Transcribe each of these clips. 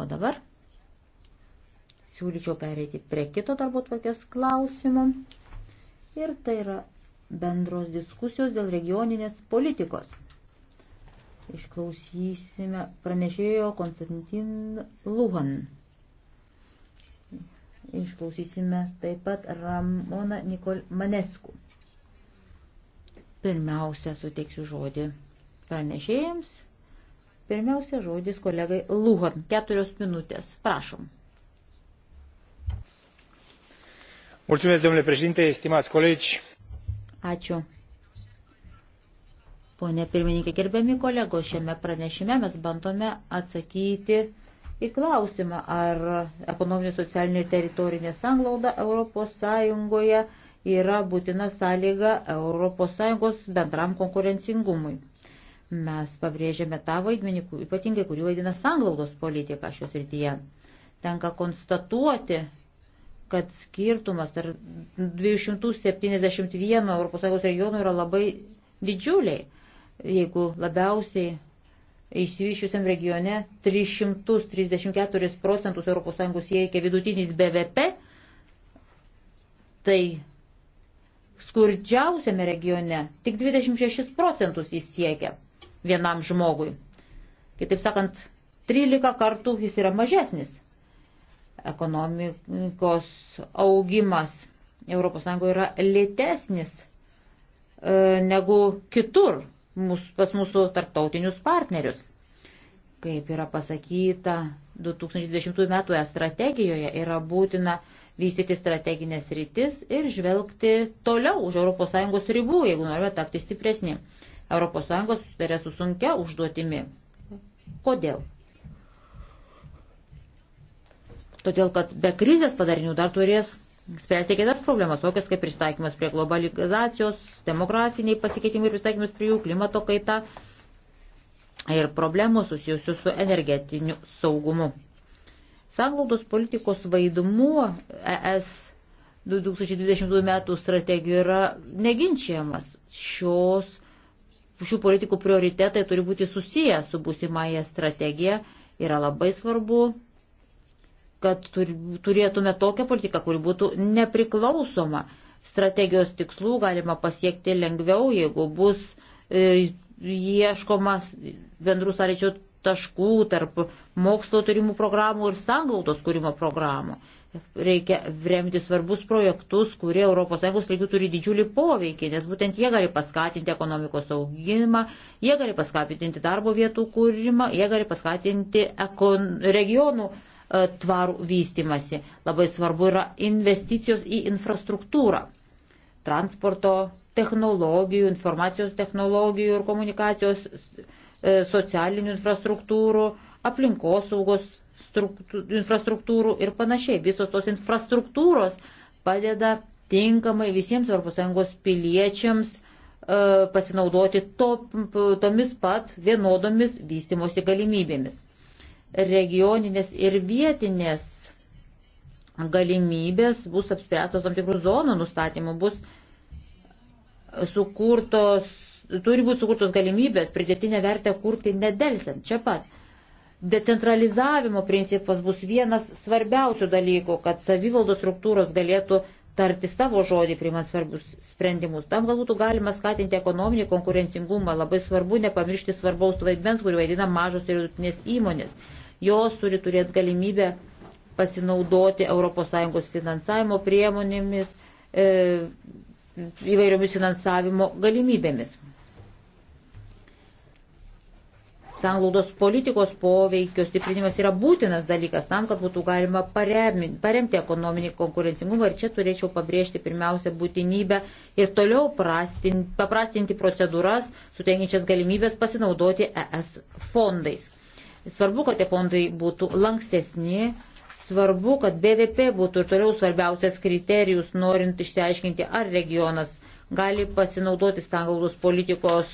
O dabar siūlyčiau pereiti prie kito darbo tvarkės klausimo. Ir tai yra bendros diskusijos dėl regioninės politikos. Išklausysime pranešėjo Konstantin Luhan. Išklausysime taip pat Ramona Nikol Manesku. Pirmiausia, suteiksiu žodį pranešėjams Pirmiausia, žodis kolegai Luhan. Keturios minutės. Prašom. Mulțumesc, domnule președinte, stimați colegi. Ačiū. Pone pirmininkė, gerbiami kolegos, šiame pranešime mes bandome atsakyti į klausimą, ar ekonominė, socialinė ir teritorinė sanglauda ES yra būtina sąlyga ES bendram konkurencingumui. Mes pabrėžėme tą vaidmenį, ypatingai kurį vaidina sanglaudos politika šios rytyje. Tenka konstatuoti, kad skirtumas tarp 271 ES regionų yra labai didžiuliai. Jeigu labiausiai išsivyščiusiam regione 334 procentus ES siekia vidutinis BVP, tai skurdžiausiame regione tik 26 procentus jis siekia vienam žmogui. Kitaip sakant, 13 kartų jis yra mažesnis. Ekonomikos augimas ES yra lėtesnis e, negu kitur mus, pas mūsų tarptautinius partnerius. Kaip yra pasakyta 2020 m. strategijoje, yra būtina vystyti strateginės rytis ir žvelgti toliau už ES ribų, jeigu norime tapti stipresni. ES susitarė su sunkia užduotimi. Kodėl? Todėl, kad be krizės padarinių dar turės spręsti kitas problemas, tokias kaip pristaikymas prie globalizacijos, demografiniai pasikeitimai ir pristaikymas prie jų, klimato kaita ir problemos susijusius su energetiniu saugumu. Sanglaudos politikos vaidmuo ES 2022 metų strategijų yra neginčiamas. Šios šių politikų prioritetai turi būti susiję su būsimąją strategiją, yra labai svarbu, kad turėtume tokią politiką, kuri būtų nepriklausoma. Strategijos tikslų galima pasiekti lengviau, jeigu bus e, ieškomas bendrų sąlyčių taškų tarp mokslo turimų programų ir sanglautos kūrimo programų reikia remti svarbus projektus, kurie ES lygių turi didžiulį poveikį, nes būtent jie gali paskatinti ekonomikos augimą, jie gali paskatinti darbo vietų kūrimą, jie gali paskatinti ekon... regionų e, tvarų vystimasi. Labai svarbu yra investicijos į infrastruktūrą, transporto technologijų, informacijos technologijų ir komunikacijos, e, socialinių infrastruktūrų, aplinkosaugos infrastruktūrų ir panašiai. Visos tos infrastruktūros padeda tinkamai visiems ES piliečiams e, pasinaudoti to, tomis pat vienodomis vystimosi galimybėmis. Regioninės ir vietinės galimybės bus apspręstos tam tikrų zonų nustatymų, bus sukurtos, turi būti sukurtos galimybės pridėtinę vertę kurti nedelsiant čia pat. Decentralizavimo principas bus vienas svarbiausių dalykų, kad savivaldos struktūros galėtų tarti savo žodį, priimant svarbius sprendimus. Tam gal būtų galima skatinti ekonominį konkurencingumą. Labai svarbu nepamiršti svarbaus vaidmens, kurį vaidina mažos ir vidutinės įmonės. Jos turi turėti galimybę pasinaudoti ES finansavimo priemonėmis, e, įvairiomis finansavimo galimybėmis. sanglaudos politikos poveikio stiprinimas yra būtinas dalykas tam, kad būtų galima paremti ekonominį konkurencingumą. Ir čia turėčiau pabrėžti pirmiausia būtinybę ir toliau prastinti, paprastinti procedūras, sutengiančias galimybės pasinaudoti ES fondais. Svarbu, kad tie fondai būtų lankstesni. Svarbu, kad BVP būtų ir toliau svarbiausias kriterijus, norint išsiaiškinti, ar regionas gali pasinaudoti sanglaudos politikos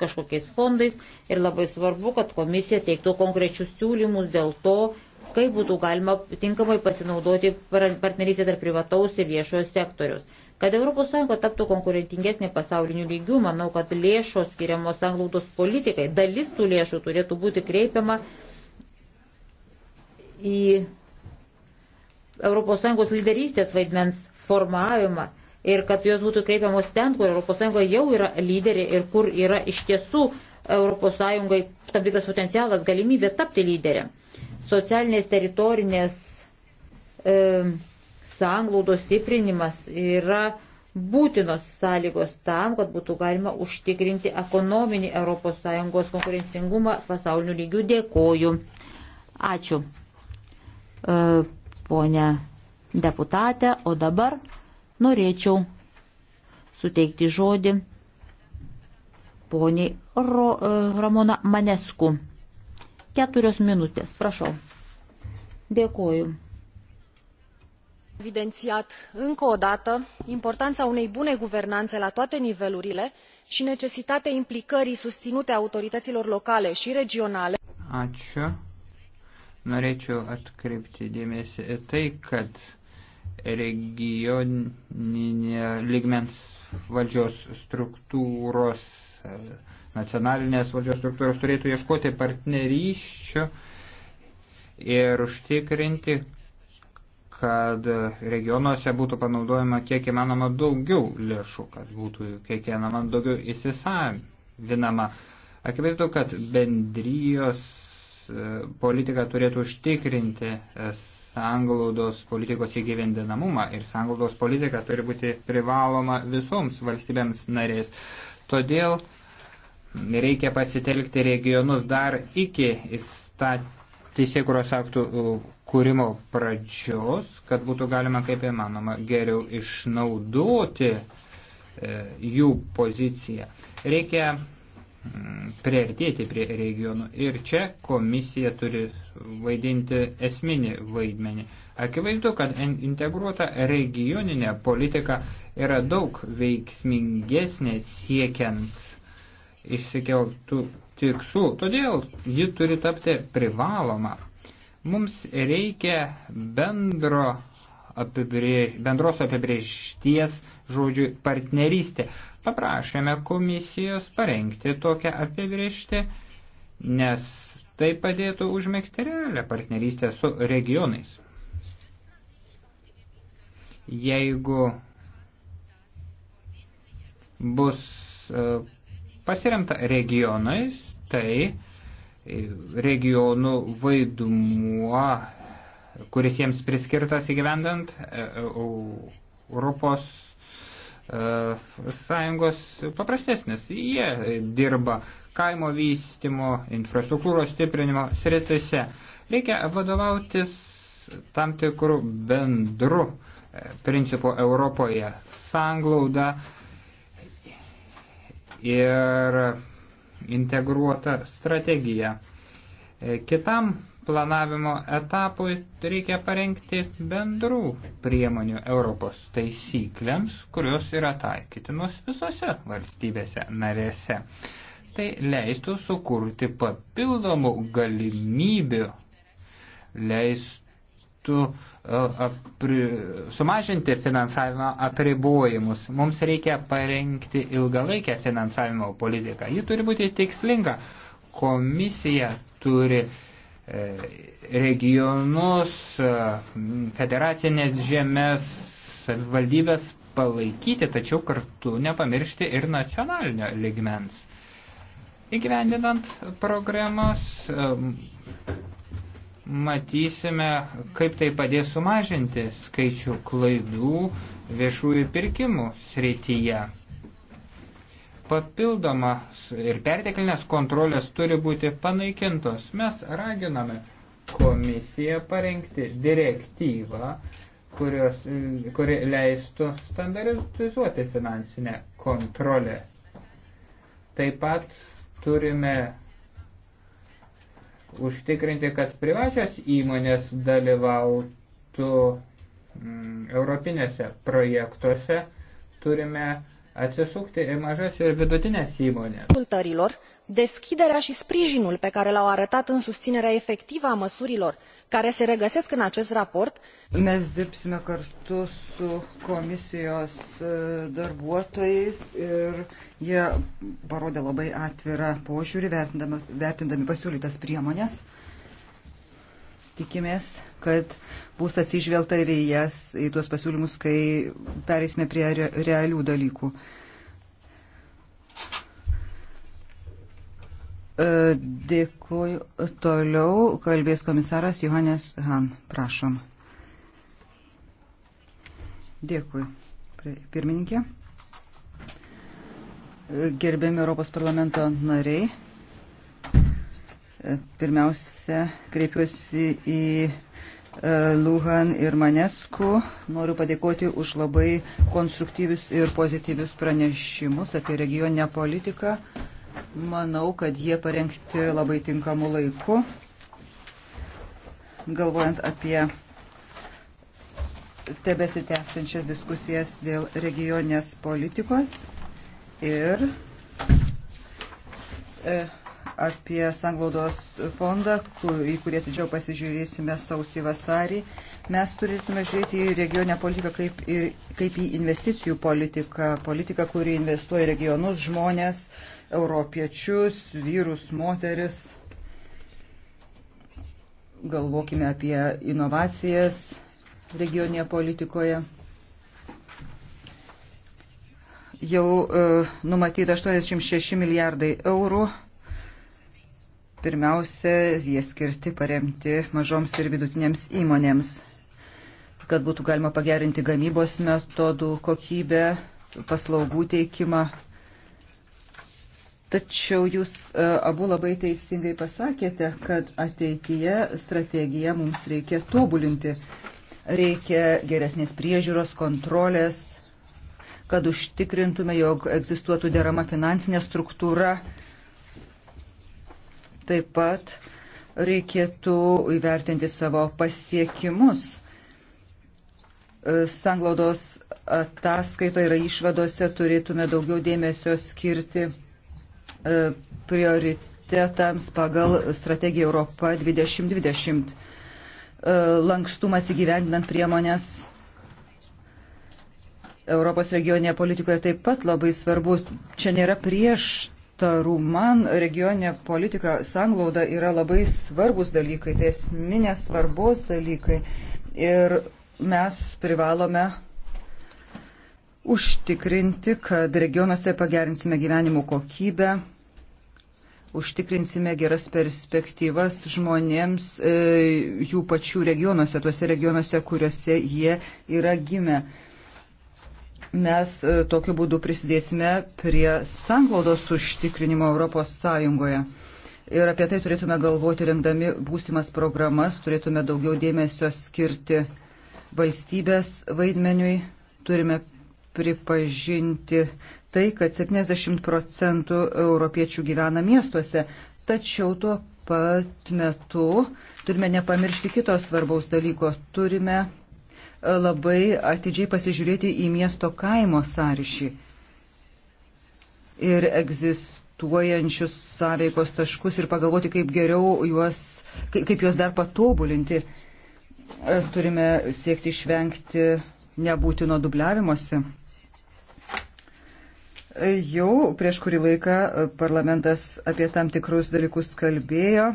kažkokiais fondais ir labai svarbu, kad komisija teiktų konkrečius siūlymus dėl to, kaip būtų galima tinkamai pasinaudoti partnerystę tarp privataus ir viešojo sektoriaus. Kad ES taptų konkurentingesnė pasauliniu lygiu, manau, kad lėšos skiriamos anglaudos politikai, dalis tų lėšų turėtų būti kreipiama į ES lyderystės vaidmens formavimą ir kad jos būtų kreipiamos ten, kur ES jau yra lyderė ir kur yra iš tiesų ES tam tikras potencialas, galimybė tapti lyderė. Socialinės teritorinės e, sanglaudos stiprinimas yra būtinos sąlygos tam, kad būtų galima užtikrinti ekonominį ES konkurencingumą pasaulinių lygių. Dėkoju. Ačiū. E, Pone deputate, o dabar norėčiau suteikti žodį poniai Ro, e, Ramona Manesku. Keturios minutės, prašau. Dėkoju. Evidențiat încă o dată importanța unei bune guvernanțe la toate nivelurile și necesitatea implicării susținute a autorităților locale și regionale. Ačiū. Norėčiau atkreipti dėmesį į tai, kad regioninė ligmens valdžios struktūros, nacionalinės valdžios struktūros turėtų ieškoti partnerysčio ir užtikrinti, kad regionuose būtų panaudojama kiek įmanoma daugiau lėšų, kad būtų kiek įmanoma daugiau įsisavinama. Akivaizdu, kad bendrijos e, politika turėtų užtikrinti es sanglaudos politikos įgyvendinamumą ir sanglaudos politika turi būti privaloma visoms valstybėms narės. Todėl reikia pasitelkti regionus dar iki teisėkuros aktų kūrimo pradžios, kad būtų galima kaip įmanoma geriau išnaudoti e, jų poziciją. Reikia Mm, priartėti prie regionų. Ir čia komisija turi vaidinti esminį vaidmenį. Akivaizdu, kad integruota regioninė politika yra daug veiksmingesnė siekiant išsikeltų tikslų, todėl ji turi tapti privaloma. Mums reikia bendro apibrėž, bendros apibrėžties žodžiu partnerystė paprašėme komisijos parengti tokią apibriežtį, nes tai padėtų užmėgti realią partnerystę su regionais. Jeigu bus e, pasiremta regionais, tai e, regionų vaidmuo, kuris jiems priskirtas įgyvendant e, Europos E, sąjungos paprastesnis. Jie dirba kaimo vystimo, infrastruktūros stiprinimo sritise. Reikia vadovautis tam tikrų bendrų e, principų Europoje. Sanglauda ir integruota strategija. E, kitam planavimo etapui reikia parengti bendrų priemonių Europos taisyklėms, kurios yra taikytinos visose valstybėse narėse. Tai leistų sukurti papildomų galimybių, leistų e, apri, sumažinti finansavimo apribojimus. Mums reikia parengti ilgalaikę finansavimo politiką. Ji turi būti tikslinga. Komisija turi uh, regionus, federacinės žemės, savivaldybės palaikyti, tačiau kartu nepamiršti ir nacionalinio ligmens. Įgyvendinant programas, matysime, kaip tai padės sumažinti skaičių klaidų viešųjų pirkimų srityje papildomas ir perteklinės kontrolės turi būti panaikintos. Mes raginame komisiją parengti direktyvą, kurios, kuri leistų standartizuoti finansinę kontrolę. Taip pat turime užtikrinti, kad privačios įmonės dalyvautų mm, europinėse projektuose. Turime atsisukti į mažas ir vidutinės įmonės. Kultărilor, deschiderea și sprijinul pe care l-au arătat în susținerea efectivă a măsurilor care se regăsesc în acest raport. Mes dirbsime kartu su komisijos e, darbuotojais ir jie parodė labai atvirą požiūrį vertindami, vertindami pasiūlytas priemonės. Tikimės kad bus atsižvelgta ir į jas, į tuos pasiūlymus, kai pereisime prie re, realių dalykų. E, dėkuoju. Toliau kalbės komisaras Johannes Han. Prašom. Dėkui. Pirmininkė. E, Gerbėmi Europos parlamento nariai. E, pirmiausia, kreipiuosi į E, Luhan ir Manesku. Noriu padėkoti už labai konstruktyvius ir pozityvius pranešimus apie regioninę politiką. Manau, kad jie parengti labai tinkamu laiku, galvojant apie tebesitęsančias diskusijas dėl regioninės politikos ir e, apie sanglaudos fondą, kur, į kurį atidžiau pasižiūrėsime sausį vasarį. Mes turėtume žiūrėti į regionę politiką kaip, ir, kaip į investicijų politiką, politiką, kuri investuoja regionus, žmonės, europiečius, vyrus, moteris. Galvokime apie inovacijas regionėje politikoje jau e, numatyta 86 milijardai eurų Pirmiausia, jie skirti paremti mažoms ir vidutinėms įmonėms, kad būtų galima pagerinti gamybos metodų kokybę, paslaugų teikimą. Tačiau jūs e, abu labai teisingai pasakėte, kad ateityje strategiją mums reikia tobulinti. Reikia geresnės priežiūros, kontrolės, kad užtikrintume, jog egzistuotų derama finansinė struktūra Taip pat reikėtų įvertinti savo pasiekimus. E, sanglaudos ataskaitoje yra išvadose turėtume daugiau dėmesio skirti e, prioritetams pagal strategiją Europa 2020. E, Lankstumas įgyvendinant priemonės Europos regioninėje politikoje taip pat labai svarbu. Čia nėra prieš parlamentarų. Man regioninė politika, sanglauda yra labai svarbus dalykai, tai esminės svarbos dalykai. Ir mes privalome užtikrinti, kad regionuose pagerinsime gyvenimo kokybę, užtikrinsime geras perspektyvas žmonėms e, jų pačių regionuose, tuose regionuose, kuriuose jie yra gimę. E, Mes e, tokiu būdu prisidėsime prie sanglaudos užtikrinimo Europos Sąjungoje. Ir apie tai turėtume galvoti, rengdami būsimas programas, turėtume daugiau dėmesio skirti valstybės vaidmeniui. Turime pripažinti tai, kad 70 procentų europiečių gyvena miestuose. Tačiau tuo pat metu turime nepamiršti kitos svarbaus dalyko. Turime labai atidžiai pasižiūrėti į miesto kaimo sąryšį ir egzistuojančius sąveikos taškus ir pagalvoti, kaip geriau juos, kaip, kaip juos dar patobulinti. E, turime siekti išvengti nebūtino dubliavimuose. E, jau prieš kurį laiką e, parlamentas apie tam tikrus dalykus kalbėjo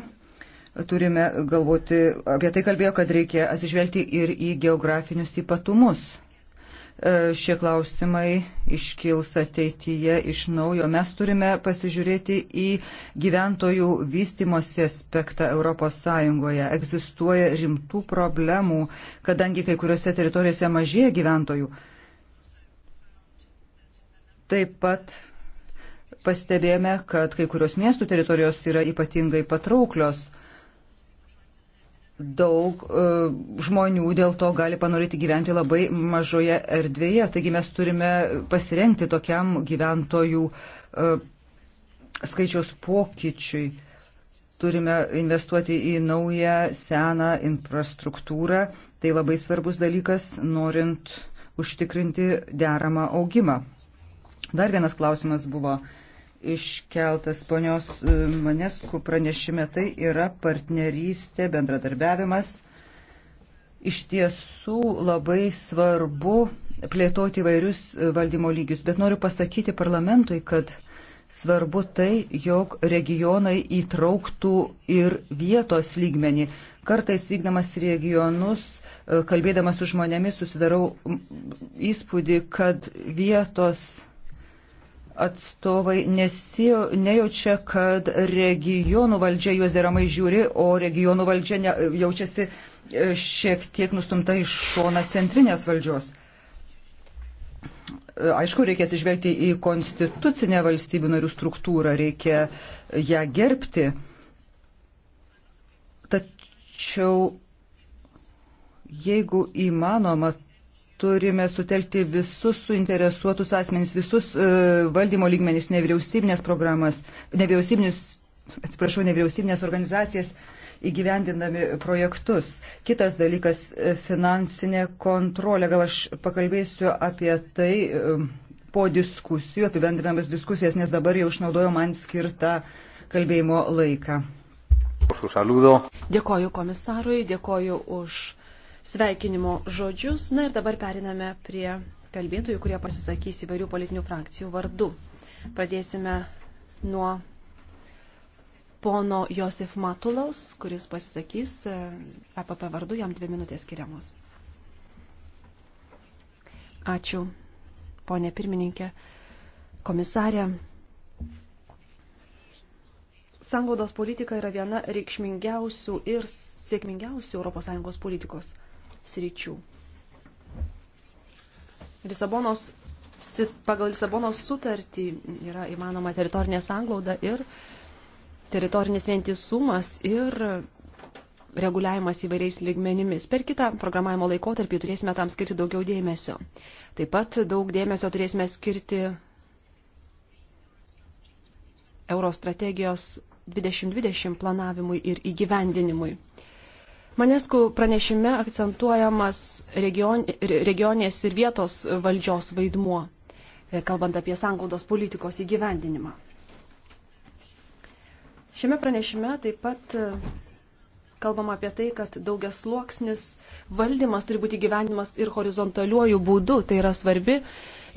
turime galvoti, apie tai kalbėjo, kad reikia atsižvelgti ir į geografinius ypatumus. E, šie klausimai iškils ateityje iš naujo. Mes turime pasižiūrėti į gyventojų vystimosi aspektą ES. Egzistuoja rimtų problemų, kadangi kai kuriuose teritorijose mažėja gyventojų. Taip pat pastebėjome, kad kai kurios miestų teritorijos yra ypatingai patrauklios daug e, žmonių dėl to gali panorėti gyventi labai mažoje erdvėje. Taigi mes turime pasirengti tokiam gyventojų e, skaičiaus pokyčiui. Turime investuoti į naują, seną infrastruktūrą. Tai labai svarbus dalykas, norint užtikrinti deramą augimą. Dar vienas klausimas buvo uh, iškeltas ponios e, Maneskų pranešime, tai yra partnerystė, bendradarbiavimas. Iš tiesų labai svarbu plėtoti įvairius e, valdymo lygius, bet noriu pasakyti parlamentui, kad svarbu tai, jog regionai įtrauktų ir vietos lygmenį. Kartais vykdamas regionus, e, kalbėdamas su žmonėmis, susidarau įspūdį, kad vietos atstovai nesijau, nejaučia, kad regionų valdžia juos deramai žiūri, o regionų valdžia ne, jaučiasi e, šiek tiek nustumta iš šona centrinės valdžios. E, aišku, reikia atsižvelgti į konstitucinę valstybių narių struktūrą, reikia ją gerbti. Tačiau, jeigu įmanoma, turime sutelkti visus suinteresuotus asmenys, visus uh, valdymo lygmenys, nevyriausybinės programas, nevyriausybinius, atsiprašau, nevyriausybinės organizacijas įgyvendindami projektus. Kitas dalykas - e, finansinė kontrolė. Gal aš pakalbėsiu apie tai uh, po diskusijų, apibendrinamas diskusijas, nes dabar jau išnaudoju man skirtą kalbėjimo laiką. Dėkoju komisarui, dėkoju už sveikinimo žodžius. Na ir dabar periname prie kalbėtojų, kurie pasisakys įvairių politinių frakcijų vardu. Pradėsime nuo pono Josef Matulos, kuris pasisakys e, APP vardu, jam dvi minutės skiriamos. Ačiū, ponė pirmininkė, komisarė. Sanglaudos politika yra viena reikšmingiausių ir sėkmingiausių ES politikos sričių. Lisabonos, pagal Lisabonos sutartį yra įmanoma teritorinė sanglauda ir teritorinis vientisumas ir reguliavimas įvairiais lygmenimis. Per kitą programavimo laikotarpį turėsime tam skirti daugiau dėmesio. Taip pat daug dėmesio turėsime skirti Eurostrategijos 2020 planavimui ir įgyvendinimui. Maneskų pranešime akcentuojamas region, regionės ir vietos valdžios vaidmuo, e, kalbant apie sanglaudos politikos įgyvendinimą. Šiame pranešime taip pat e, kalbama apie tai, kad daugias sluoksnis valdymas turi būti gyvenimas ir horizontaliuoju būdu. Tai yra svarbi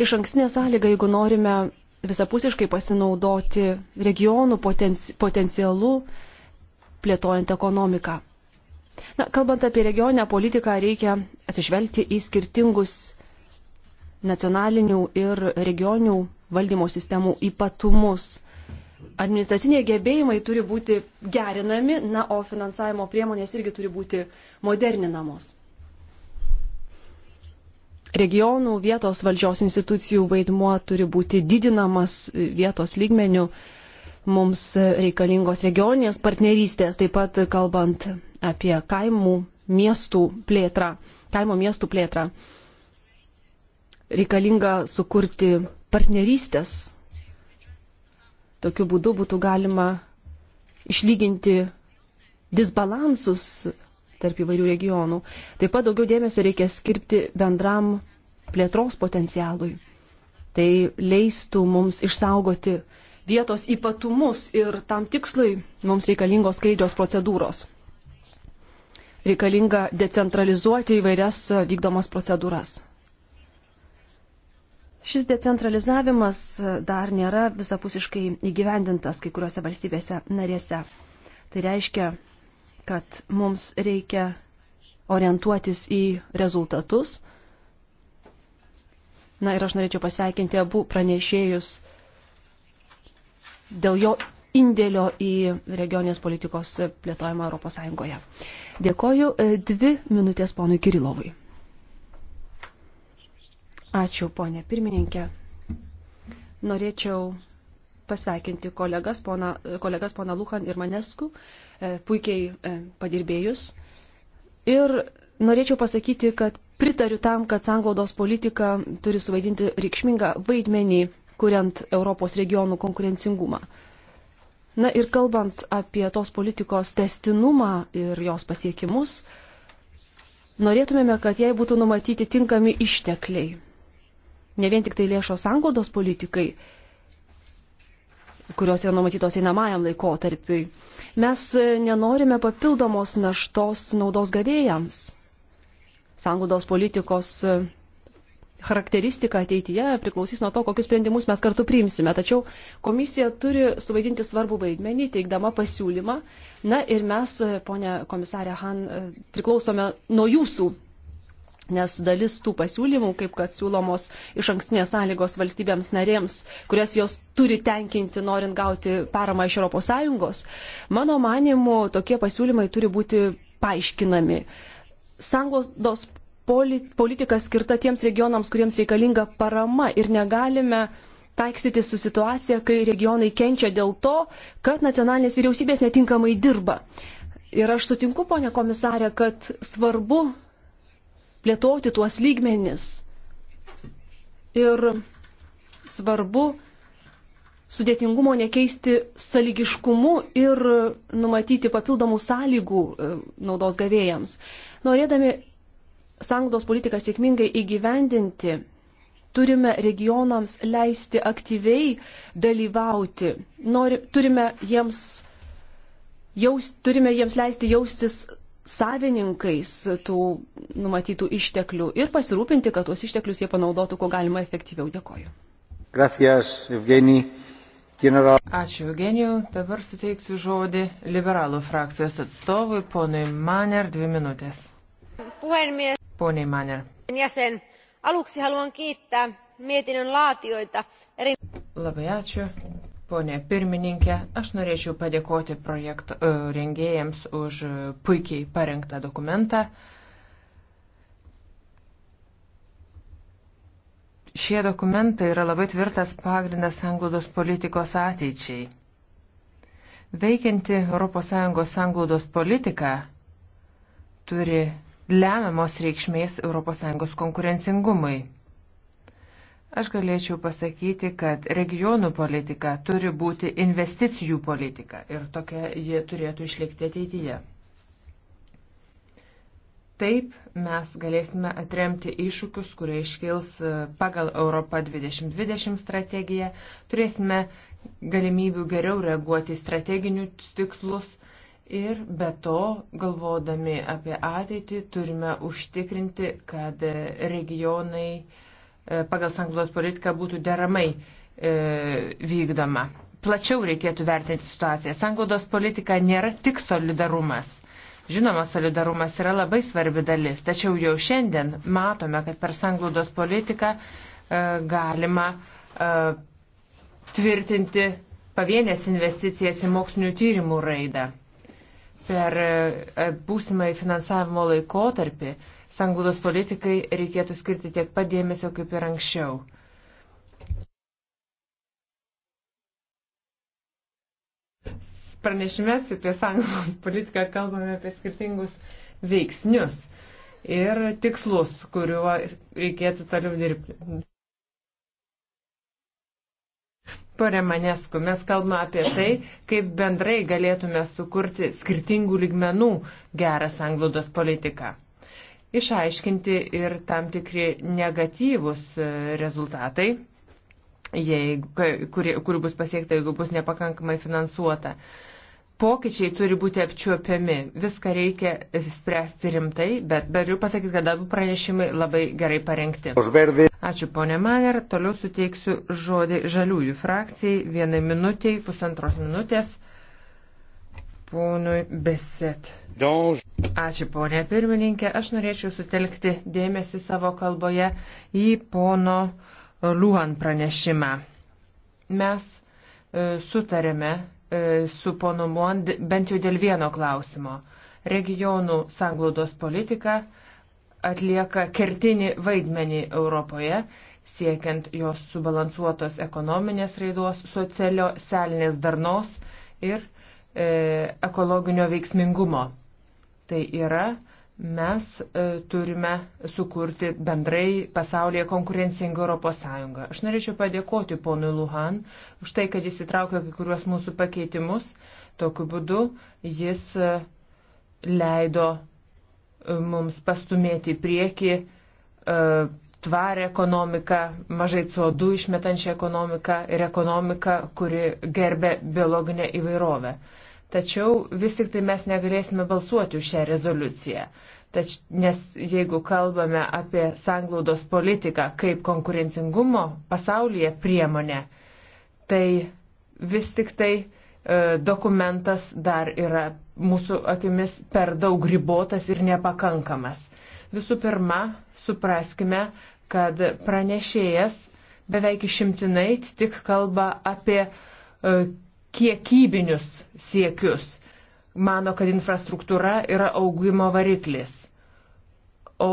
iš ankstinė sąlyga, jeigu norime visapusiškai pasinaudoti regionų potenci potencialu plėtojant ekonomiką. Na, kalbant apie regioninę politiką, reikia atsižvelgti į skirtingus nacionalinių ir regioninių valdymo sistemų ypatumus. Administraciniai gebėjimai turi būti gerinami, na, o finansavimo priemonės irgi turi būti moderninamos. Regionų vietos valdžios institucijų vaidmuo turi būti didinamas vietos lygmenių, uh, mums reikalingos regioninės partnerystės, taip pat kalbant apie kaimų miestų plėtrą, kaimo miestų plėtrą. Reikalinga sukurti partnerystės. Tokiu būdu būtų galima išlyginti disbalansus tarp įvairių regionų. Taip pat daugiau dėmesio reikia skirti bendram plėtros potencialui. Tai leistų mums išsaugoti uh, vietos ypatumus ir tam tikslui mums reikalingos skaidrios procedūros. Reikalinga decentralizuoti įvairias e, vykdomas procedūras. Šis decentralizavimas e, dar nėra visapusiškai įgyvendintas kai kuriuose valstybėse narėse. Tai reiškia, kad mums reikia orientuotis į rezultatus. Na ir aš norėčiau pasveikinti abu pranešėjus dėl jo indėlio į regionės politikos plėtojimą ES. Dėkoju. E, dvi minutės ponui Kirilovui. Ačiū, ponė pirmininkė. Norėčiau pasveikinti kolegas, pona, kolegas pona Luhan ir Manesku, e, puikiai e, padirbėjus. Ir norėčiau pasakyti, kad pritariu tam, kad sanglaudos politika turi suvaidinti reikšmingą vaidmenį kuriant Europos regionų konkurencingumą. Na ir kalbant apie tos politikos testinumą ir jos pasiekimus, norėtumėme, kad jai būtų numatyti tinkami ištekliai. Ne vien tik tai lėšos anglodos politikai, kurios yra numatytos einamajam laikotarpiui. Mes nenorime papildomos naštos naudos gavėjams. Sanglaudos politikos charakteristika ateityje priklausys nuo to, kokius sprendimus mes kartu priimsime. Tačiau komisija turi suvaidinti svarbų vaidmenį, teikdama pasiūlymą. Na ir mes, ponė komisarė Han, priklausome nuo jūsų. Nes dalis tų pasiūlymų, kaip kad siūlomos iš ankstinės sąlygos valstybėms narėms, kurias jos turi tenkinti, norint gauti paramą iš ES, mano manimu, tokie pasiūlymai turi būti paaiškinami sanglaudos politika skirta tiems regionams, kuriems reikalinga parama ir negalime taiksyti su situacija, kai regionai kenčia dėl to, kad nacionalinės vyriausybės netinkamai dirba. Ir aš sutinku, ponė komisarė, kad svarbu plėtoti tuos lygmenis. Ir svarbu sudėtingumo nekeisti saligiškumu ir numatyti papildomų sąlygų e, naudos gavėjams. Norėdami sanglos politiką sėkmingai įgyvendinti, turime regionams leisti aktyviai dalyvauti, Nori, turime, jiems, jaus, turime jiems leisti jaustis savininkais tų numatytų išteklių ir pasirūpinti, kad tuos išteklius jie panaudotų kuo galima efektyviau. Dėkoju. Gracias, Evgenij. Ačiū Eugenijų. Dabar suteiksiu žodį liberalų frakcijos atstovui, ponui Maner, dvi minutės. Puhemies. Poni Manner. Jäsen, aluksi haluan kiittää mietinnön laatioita. Eri... Labai ačiū. Pone pirmininkė, aš norėčiau padėkoti projekto e, rengėjams už e, puikiai parengtą dokumentą. Šie dokumentai yra labai tvirtas pagrindas sanglaudos politikos ateičiai. Veikianti ES sanglaudos politika turi lemiamos reikšmės ES konkurencingumui. Aš galėčiau pasakyti, kad regionų politika turi būti investicijų politika ir tokia ji turėtų išlikti ateityje. Taip mes galėsime atremti iššūkius, kurie iškils e, pagal Europą 2020 strategiją. Turėsime galimybių geriau reaguoti į strateginius tikslus Ir be to, galvodami apie ateitį, turime užtikrinti, kad regionai e, pagal sanglaudos politiką būtų deramai e, vykdoma. Plačiau reikėtų vertinti situaciją. Sanglaudos politika nėra tik solidarumas. Žinoma, solidarumas yra labai svarbi dalis, tačiau jau šiandien matome, kad per sanglaudos politiką e, galima tvirtinti pavienės investicijas į mokslinių tyrimų raidą per e, būsimąjį finansavimo laikotarpį sanglaudos politikai reikėtų skirti tiek pat dėmesio kaip ir anksčiau. Pranešime apie sanglaudos politiką kalbame apie skirtingus veiksnius ir tikslus, kuriuo reikėtų toliau dirbti. Pone Manesku, mes kalbame apie tai, kaip bendrai galėtume sukurti skirtingų lygmenų gerą sanglaudos politiką. Išaiškinti ir tam tikri negatyvus e, rezultatai, jei, kuri, kuri bus pasiekta, jeigu bus nepakankamai finansuota. Pokyčiai turi būti apčiuopiami, viską reikia spręsti rimtai, bet beriu pasakyti, kad abu pranešimai labai gerai parengti. Ačiū ponė Maner, toliau suteiksiu žodį žaliųjų frakcijai, vienai minutiai, pusantros minutės, ponui Beset. Ačiū ponė pirmininkė, aš norėčiau sutelkti dėmesį savo kalboje į pono Luan pranešimą. Mes e, sutarėme E, su ponu Mond bent jau dėl vieno klausimo. Regionų sanglaudos politika atlieka kertinį vaidmenį Europoje, siekiant jos subalansuotos ekonominės raidos, socialio, selinės darnos ir e, ekologinio veiksmingumo. Tai yra mes e, turime sukurti bendrai pasaulyje konkurencingą Europos Sąjungą. Aš norėčiau padėkoti ponui Luhan už tai, kad jis įtraukė kai kuriuos mūsų pakeitimus. Tokiu būdu jis e, leido e, mums pastumėti į priekį tvarę ekonomiką, mažai CO2 išmetančią ekonomiką ir ekonomiką, kuri gerbė biologinę įvairovę. Tačiau vis tik tai mes negalėsime balsuoti už šią rezoliuciją. Tač, nes jeigu kalbame apie sanglaudos politiką kaip konkurencingumo pasaulyje priemonę, tai vis tik tai e, dokumentas dar yra mūsų akimis per daug ribotas ir nepakankamas. Visų pirma, supraskime, kad pranešėjas beveik išimtinai tik kalba apie e, kiekybinius siekius. Mano, kad infrastruktūra yra augimo variklis. O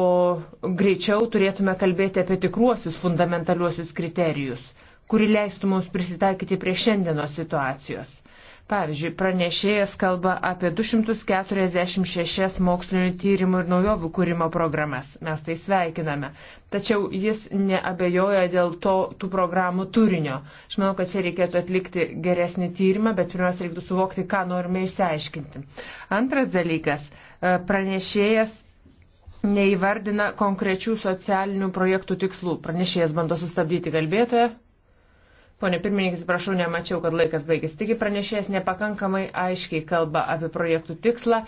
greičiau turėtume kalbėti apie tikruosius fundamentaliuosius kriterijus, kuri leistų mums prisitaikyti prie šiandienos situacijos. Pavyzdžiui, pranešėjas kalba apie 246 mokslinio tyrimų ir naujovių kūrimo programas. Mes tai sveikiname. Tačiau jis neabejoja dėl to tų programų turinio. Aš manau, kad čia reikėtų atlikti geresnį tyrimą, bet pirmiausia, reikėtų suvokti, ką norime išsiaiškinti. Antras dalykas. E, pranešėjas neįvardina konkrečių socialinių projektų tikslų. Pranešėjas bando sustabdyti kalbėtoją. Pone pirmininkas, prašau, nemačiau, kad laikas baigėsi. Taigi pranešėjas nepakankamai aiškiai kalba apie projektų tikslą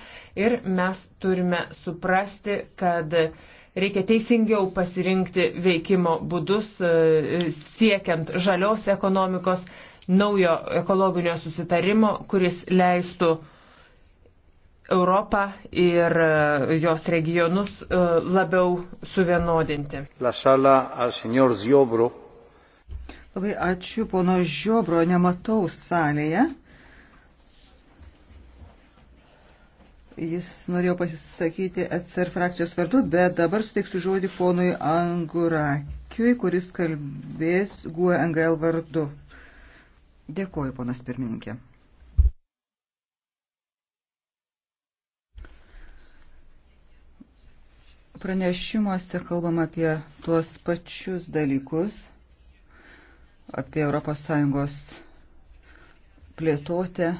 ir mes turime suprasti, kad reikia teisingiau pasirinkti veikimo būdus e, siekiant žalios ekonomikos, naujo ekologinio susitarimo, kuris leistų Europą ir e, jos regionus e, labiau suvienodinti. La sala al señor Ziobro Labai ačiū, pono Žiobro, nematau salėje. Jis norėjo pasisakyti ECR frakcijos vardu, bet dabar suteiksiu žodį ponui Angurakiui, kuris kalbės GUNGL e vardu. Dėkuoju, ponas pirmininkė. Pranešimuose kalbam apie tuos pačius dalykus apie ES plėtotę.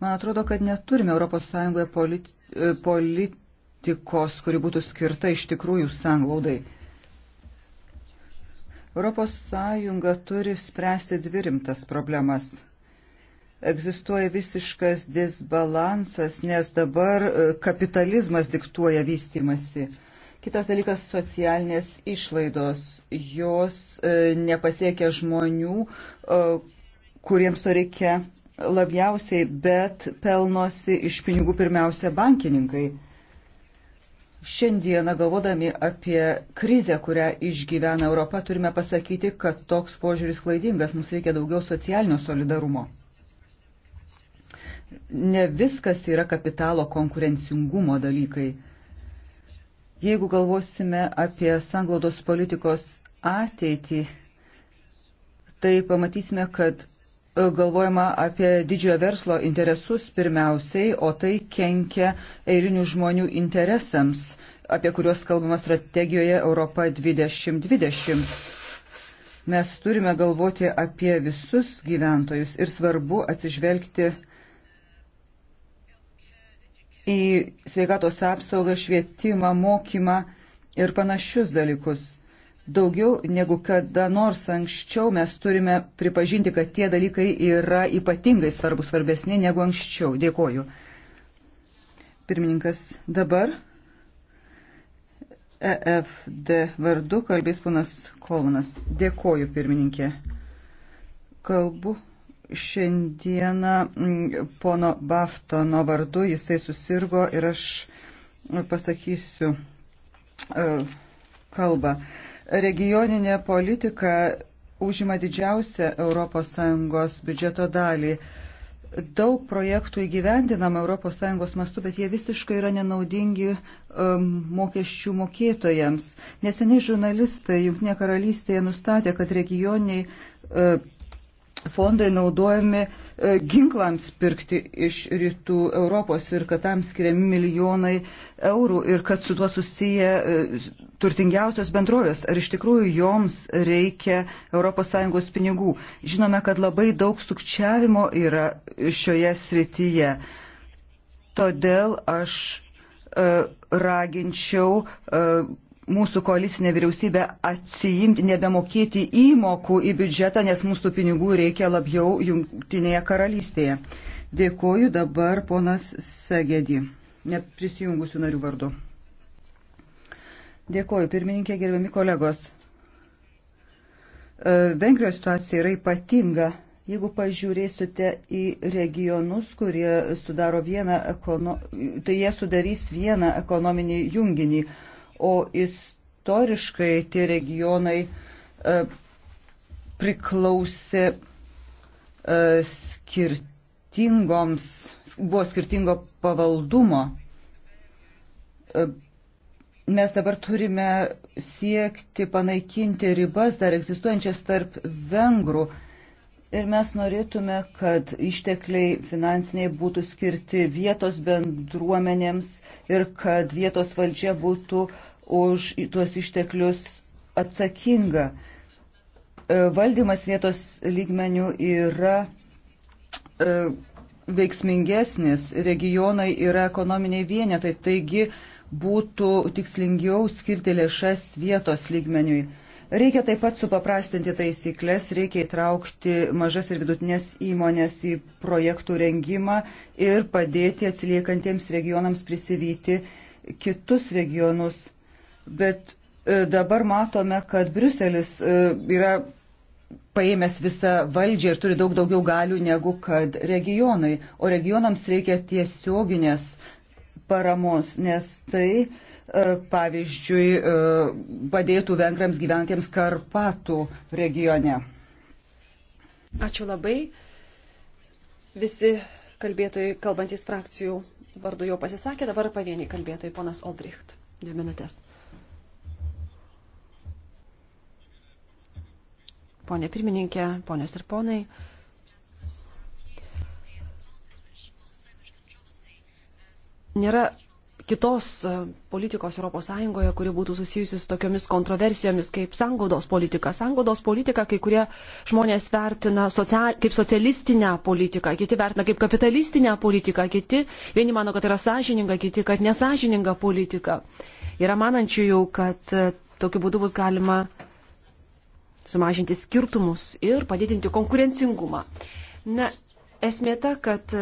Man atrodo, kad neturime ES politi e, politikos, kuri būtų skirta iš tikrųjų sanglaudai. ES turi spręsti dvi rimtas problemas egzistuoja visiškas disbalansas, nes dabar e, kapitalizmas diktuoja vystimasi. Kitas dalykas - socialinės išlaidos. Jos e, nepasiekia žmonių, e, kuriems to reikia labiausiai, bet pelnosi iš pinigų pirmiausia bankininkai. Šiandieną galvodami apie krizę, kurią išgyvena Europa, turime pasakyti, kad toks požiūris klaidingas, mums reikia daugiau socialinio solidarumo. Ne viskas yra kapitalo konkurencingumo dalykai Jeigu galvosime apie sanglaudos politikos ateitį, tai pamatysime, kad e, galvojama apie didžiojo verslo interesus pirmiausiai, o tai kenkia eilinių žmonių interesams, apie kuriuos kalbama strategijoje Europa 2020. Mes turime galvoti apie visus gyventojus ir svarbu atsižvelgti į sveikatos apsaugą, švietimą, mokymą ir panašius dalykus. Daugiau negu kada nors anksčiau mes turime pripažinti, kad tie dalykai yra ypatingai svarbus, svarbesni negu anksčiau. Dėkoju. Pirmininkas dabar EFD vardu kalbės ponas Kolmanas. Dėkoju, pirmininkė. Kalbu šiandieną mm, pono Baftono vardu, jisai susirgo ir aš pasakysiu e, kalbą. Regioninė politika užima didžiausią ES biudžeto dalį. Daug projektų įgyvendinama ES mastu, bet jie visiškai yra nenaudingi um, mokesčių mokėtojams. Neseniai žurnalistai Junktinė karalystėje nustatė, kad regioniniai uh, e, fondai naudojami e, ginklams pirkti iš rytų Europos ir kad tam skiriami milijonai eurų ir kad su tuo susiję e, turtingiausios bendrovės. Ar iš tikrųjų joms reikia ES pinigų? Žinome, kad labai daug sukčiavimo yra šioje srityje. Todėl aš e, raginčiau mūsų koalicinė vyriausybė atsijimti, nebemokėti įmokų į biudžetą, nes mūsų pinigų reikia labiau jungtinėje karalystėje. Dėkoju dabar ponas Segedį, neprisijungusių narių vardu. Dėkoju, pirmininkė, gerbiami kolegos. E, Vengrijos situacija yra ypatinga. Jeigu pažiūrėsite į regionus, kurie sudaro vieną, ekono... tai jie sudarys vieną ekonominį junginį o istoriškai tie regionai e, priklausė e, skirtingoms, buvo skirtingo pavaldumo. E, mes dabar turime siekti panaikinti ribas dar egzistuojančias tarp vengrų ir mes norėtume, kad ištekliai finansiniai būtų skirti vietos bendruomenėms ir kad vietos valdžia būtų uh, už tuos išteklius atsakinga. E, valdymas vietos lygmenių yra e, veiksmingesnis, regionai yra ekonominiai vienetai, taigi būtų tikslingiau skirti lėšas vietos lygmeniui. Reikia taip pat supaprastinti taisyklės, reikia įtraukti mažas ir vidutinės įmonės į projektų rengimą ir padėti atsiliekantiems regionams prisivyti kitus regionus. Bet e, dabar matome, kad Briuselis e, yra paėmęs visą valdžią ir turi daug daugiau galių negu kad regionai. O regionams reikia tiesioginės paramos, nes tai, e, pavyzdžiui, padėtų vengrams gyventiems Karpatų regione. Ačiū labai. Visi kalbėtojai, kalbantys frakcijų vardu jau pasisakė, dabar pavieniai kalbėtojai, ponas Olbricht. Dvi minutės. ponė pirmininkė, ponės ir ponai. Nėra kitos e, politikos ES, kuri būtų susijusi su tokiomis kontroversijomis kaip sangodos politika. Sangodos politika kai kurie žmonės vertina social, kaip socialistinę politiką, kiti vertina kaip kapitalistinę politiką, kiti vieni mano, kad yra sąžininga, kiti, kad nesažininga politika. Yra manančiųjų, kad e, tokiu būdu bus galima sumažinti skirtumus ir padidinti konkurencingumą. Na, esmė ta, kad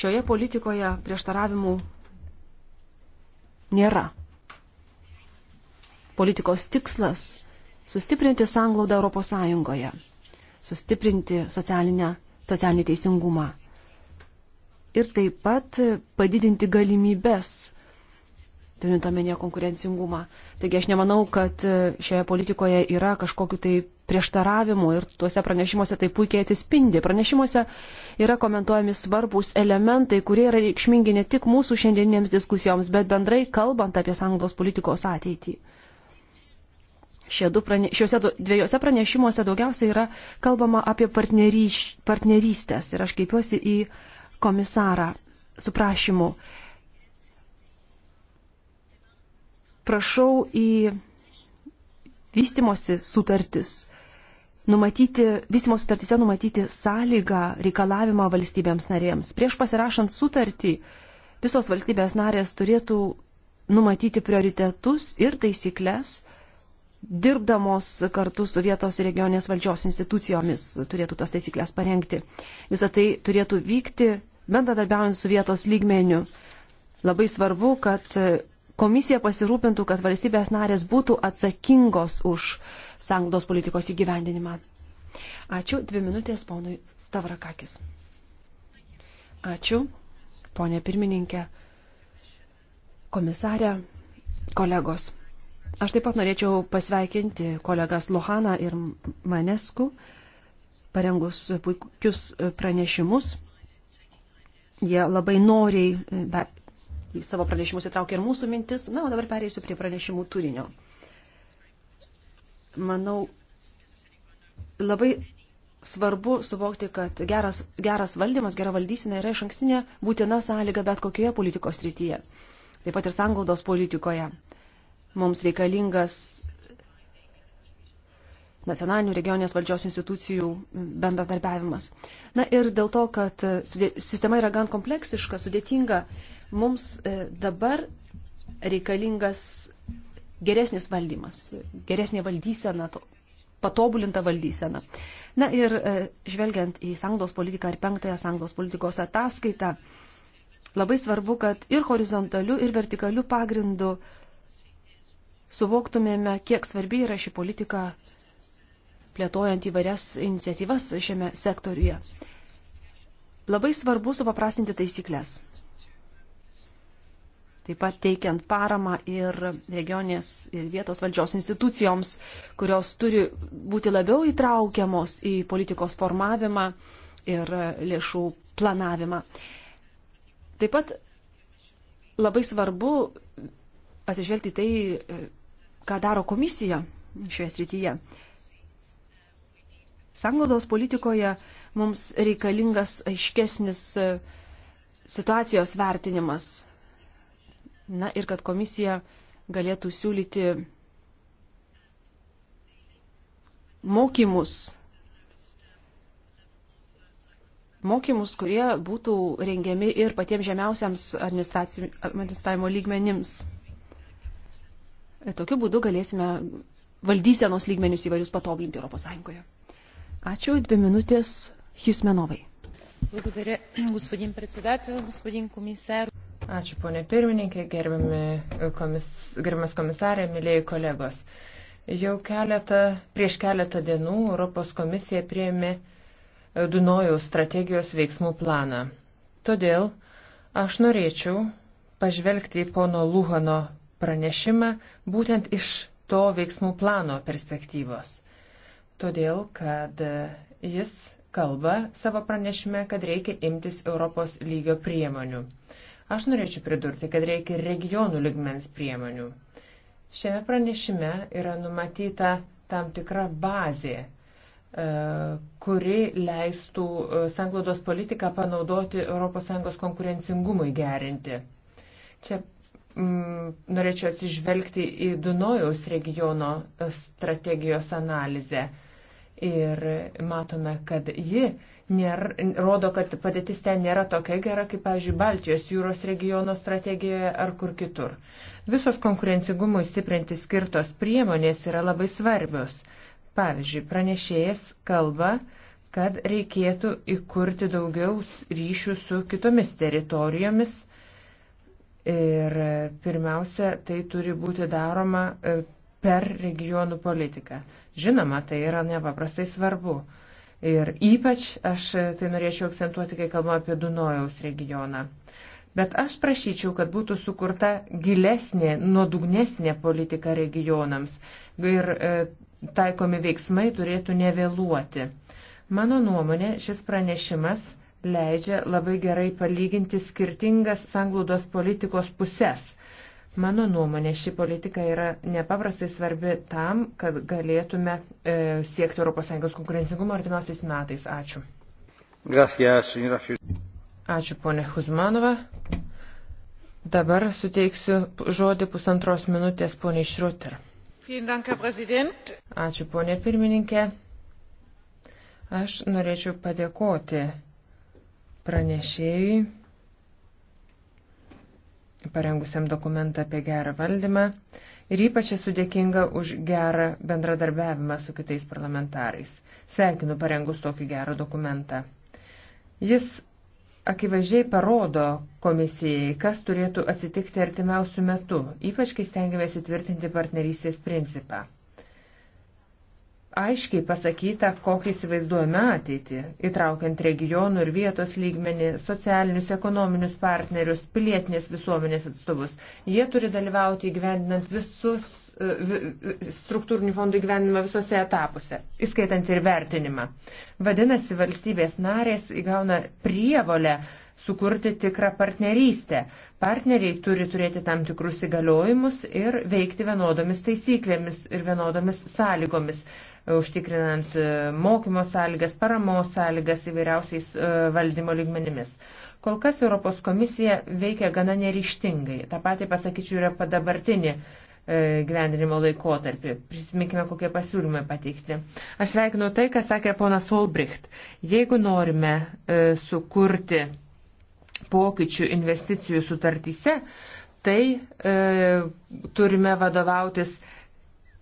šioje politikoje prieštaravimų nėra. Politikos tikslas - sustiprinti sanglaudą Europos Sąjungoje, sustiprinti socialinį teisingumą ir taip pat padidinti galimybės turint omenyje konkurencingumą. Taigi aš nemanau, kad e, šioje politikoje yra kažkokiu tai prieštaravimu ir tuose pranešimuose tai puikiai atsispindi. Pranešimuose yra komentuojami svarbus elementai, kurie yra reikšmingi ne tik mūsų šiandieninėms diskusijoms, bet bendrai kalbant apie sąjungos politikos ateitį. Prane, šiuose dviejose pranešimuose daugiausia yra kalbama apie partnerystės ir aš kreipiuosi į komisarą su prašymu prašau į vystimosi sutartis numatyti, vystimo sutartise numatyti sąlygą, reikalavimą valstybėms narėms. Prieš pasirašant sutartį, visos valstybės narės turėtų numatyti prioritetus ir taisyklės, dirbdamos kartu su vietos ir regionės valdžios institucijomis turėtų tas taisyklės parengti. Visą tai turėtų vykti bendradarbiaujant su vietos lygmeniu. Labai svarbu, kad komisija pasirūpintų, kad valstybės narės būtų atsakingos už sanglos politikos įgyvendinimą. Ačiū. Dvi minutės ponui Stavrakakis. Ačiū, ponė pirmininkė, komisarė, kolegos. Aš taip pat norėčiau pasveikinti kolegas Lohaną ir Manesku, parengus puikius pranešimus. Jie labai noriai į savo pranešimus įtraukė ir mūsų mintis. Na, o dabar pereisiu prie pranešimų turinio. Manau, labai svarbu suvokti, kad geras, geras valdymas, gera valdysina yra iš ankstinė būtina sąlyga bet kokioje politikos rytyje. Taip pat ir sanglaudos politikoje. Mums reikalingas nacionalinių regionės valdžios institucijų bendradarbiavimas. Na ir dėl to, kad sistema yra gan kompleksiška, sudėtinga, Mums e, dabar reikalingas geresnis valdymas, geresnė valdysena, patobulinta valdysena. Na ir e, žvelgiant į sanglos politiką ir penktąją sanglos politikos ataskaitą, labai svarbu, kad ir horizontaliu, ir vertikaliu pagrindu suvoktumėme, kiek svarbi yra ši politika plėtojant įvairias iniciatyvas šiame sektoriuje. Labai svarbu supaprastinti taisyklės taip pat teikiant paramą ir regionės ir vietos valdžios institucijoms, kurios turi būti labiau įtraukiamos į politikos formavimą ir lėšų planavimą. Taip pat labai svarbu atsižvelgti tai, ką daro komisija šioje srityje. Sanglaudos politikoje mums reikalingas aiškesnis e, situacijos vertinimas Na ir kad komisija galėtų siūlyti mokymus, mokymus, kurie būtų rengiami ir patiems žemiausiams administravimo lygmenims. Tokiu būdu galėsime valdysenos lygmenius įvairius patoblinti ES. Ačiū, dvi minutės Hismenovai. Благодаря, господин председател, господин комисар. Ačiū, ponė pirmininkė, gerbiami komis, gerbiamas komisarė, mėlyjei kolegos. Jau keletą, prieš keletą dienų Europos komisija prieimė Dunojaus strategijos veiksmų planą. Todėl aš norėčiau pažvelgti į pono Luhano pranešimą būtent iš to veiksmų plano perspektyvos. Todėl, kad jis kalba savo pranešime, kad reikia imtis Europos lygio priemonių. Aš norėčiau pridurti, kad reikia regionų ligmens priemonių. Šiame pranešime yra numatyta tam tikra bazė, e, kuri leistų e, sanglaudos politiką panaudoti ES konkurencingumui gerinti. Čia mm, norėčiau atsižvelgti į Dunojaus regiono e, strategijos analizę. Ir matome, kad ji nėra, rodo, kad padėtis ten nėra tokia gera, kaip, pavyzdžiui, Baltijos jūros regiono strategijoje ar kur kitur. Visos konkurencingumui stiprinti skirtos priemonės yra labai svarbios. Pavyzdžiui, pranešėjas kalba, kad reikėtų įkurti daugiau ryšių su kitomis teritorijomis. Ir pirmiausia, tai turi būti daroma e, per regionų politiką. Žinoma, tai yra nepaprastai svarbu. Ir ypač aš tai norėčiau akcentuoti, kai kalbame apie Dunojaus regioną. Bet aš prašyčiau, kad būtų sukurta gilesnė, nuodugnesnė politika regionams ir e, taikomi veiksmai turėtų nevėluoti. Mano nuomonė, šis pranešimas leidžia labai gerai palyginti skirtingas sanglaudos politikos puses Mano nuomonė, ši politika yra nepaprastai svarbi tam, kad galėtume e, siekti ES konkurencingumo artimiausiais metais. Ačiū. Gracias, Ačiū, ponė Huzmanova. Dabar suteiksiu žodį pusantros minutės poniai Šruter. Ačiū, ponė pirmininkė. Aš norėčiau padėkoti pranešėjui parengusiam dokumentą apie gerą valdymą ir ypač esu dėkinga už gerą bendradarbiavimą su kitais parlamentarais. Sveikinu parengus tokį gerą dokumentą. Jis akivaizdžiai parodo komisijai, kas turėtų atsitikti artimiausių metų, ypač kai stengiamės įtvirtinti partnerystės principą aiškiai pasakyta, kokį įsivaizduojame ateitį, įtraukiant regionų ir vietos lygmenį, socialinius, ekonominius partnerius, pilietinės visuomenės atstovus. Jie turi dalyvauti įgyvendinant visus e, e, struktūrinių fondų įgyvenimą visose etapuose, įskaitant ir vertinimą. Vadinasi, valstybės narės įgauna prievolę sukurti tikrą partnerystę. Partneriai turi turėti tam tikrus įgaliojimus ir veikti vienodomis taisyklėmis ir vienodomis sąlygomis užtikrinant e, mokymo sąlygas, paramos sąlygas įvairiausiais e, valdymo lygmenimis. Kol kas Europos komisija veikia gana neryštingai. Ta pati pasakyčiau yra padabartinė e, gyvendinimo laikotarpį. Prisiminkime, kokie pasiūlymai pateikti. Aš sveikinu tai, ką sakė ponas Olbricht. Jeigu norime e, sukurti pokyčių investicijų sutartyse, tai e, turime vadovautis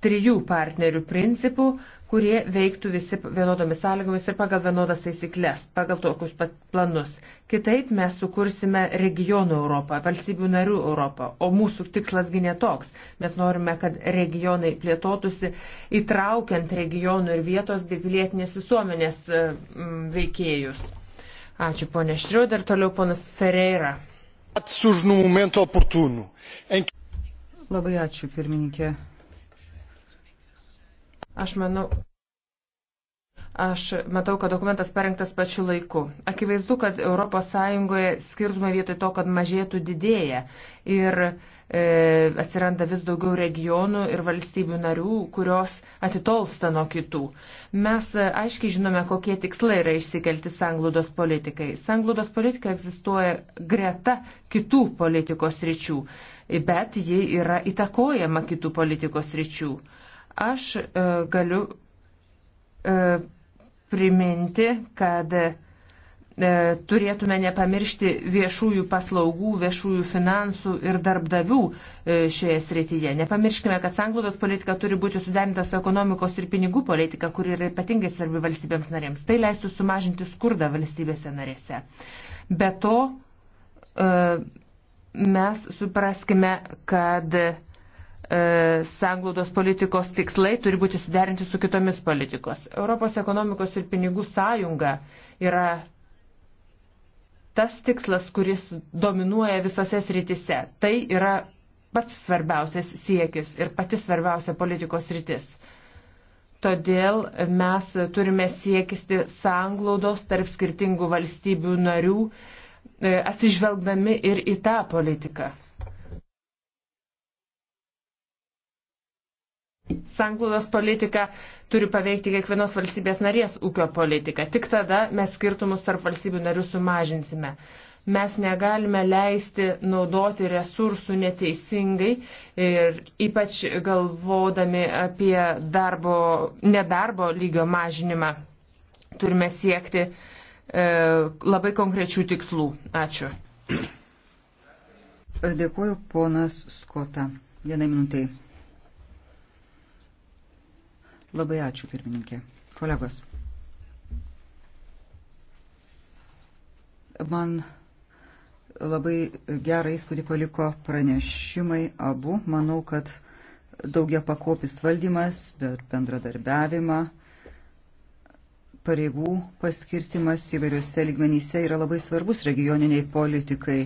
trijų partnerių principų, kurie veiktų visi vienodomis sąlygomis ir pagal vienodas taisyklės, pagal tokius pat planus. Kitaip mes sukursime regionų Europą, valstybių narių Europą, o mūsų tikslasgi netoks. Mes norime, kad regionai plėtotųsi įtraukiant regionų ir vietos bei pilietinės visuomenės e, veikėjus. Ačiū ponė Šriuder, toliau ponas Ferreira. Labai ačiū pirmininkė. Aš manau. Aš matau, kad dokumentas parengtas pačiu laiku. Akivaizdu, kad ES skirtumai vietoj to, kad mažėtų didėja ir e, atsiranda vis daugiau regionų ir valstybių narių, kurios atitolsta nuo kitų. Mes e, aiškiai žinome, kokie tikslai yra išsikelti sanglūdos politikai. Sanglūdos politika egzistuoja greta kitų politikos ryčių, bet ji yra įtakojama kitų politikos ryčių. Aš e, galiu e, priminti, kad e, turėtume nepamiršti viešųjų paslaugų, viešųjų finansų ir darbdavių e, šioje srityje. Nepamirškime, kad sanglaudos politika turi būti suderinta su ekonomikos ir pinigų politika, kuri yra ypatingai svarbi valstybėms narėms. Tai leistų sumažinti skurdą valstybėse narėse. Be to, e, mes supraskime, kad E, sanglaudos politikos tikslai turi būti suderinti su kitomis politikos. Europos ekonomikos ir pinigų sąjunga yra tas tikslas, kuris dominuoja visose sritise. Tai yra pats svarbiausias siekis ir pati svarbiausia politikos sritis. Todėl mes turime siekisti sanglaudos tarp skirtingų valstybių narių, e, atsižvelgdami ir į tą politiką. sanglaudos politika turi paveikti kiekvienos valstybės narės ūkio politiką. Tik tada mes skirtumus tarp valstybių narių sumažinsime. Mes negalime leisti naudoti resursų neteisingai ir ypač galvodami apie darbo, nedarbo lygio mažinimą turime siekti e, labai konkrečių tikslų. Ačiū. Dėkuoju, ponas Skota. Vienai minutai. Labai ačiū, pirmininkė. Kolegos. Man labai gerą įspūdį paliko pranešimai abu. Manau, kad daugia pakopis valdymas, bet bendradarbiavimą, pareigų paskirstimas įvairiuose lygmenyse yra labai svarbus regioniniai politikai.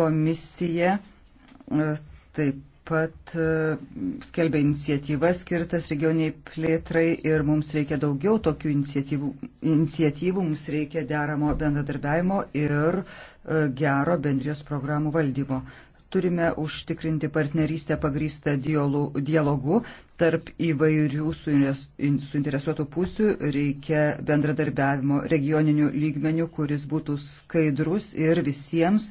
Komisija e, taip pat e, skelbia iniciatyvas skirtas regioniai plėtrai ir mums reikia daugiau tokių iniciatyvų, iniciatyvų mums reikia deramo bendradarbiavimo ir e, gero bendrijos programų valdymo. Turime užtikrinti partnerystę pagrįstą dialogu tarp įvairių suinteresuotų pusių reikia bendradarbiavimo regioninių lygmenių, kuris būtų skaidrus ir visiems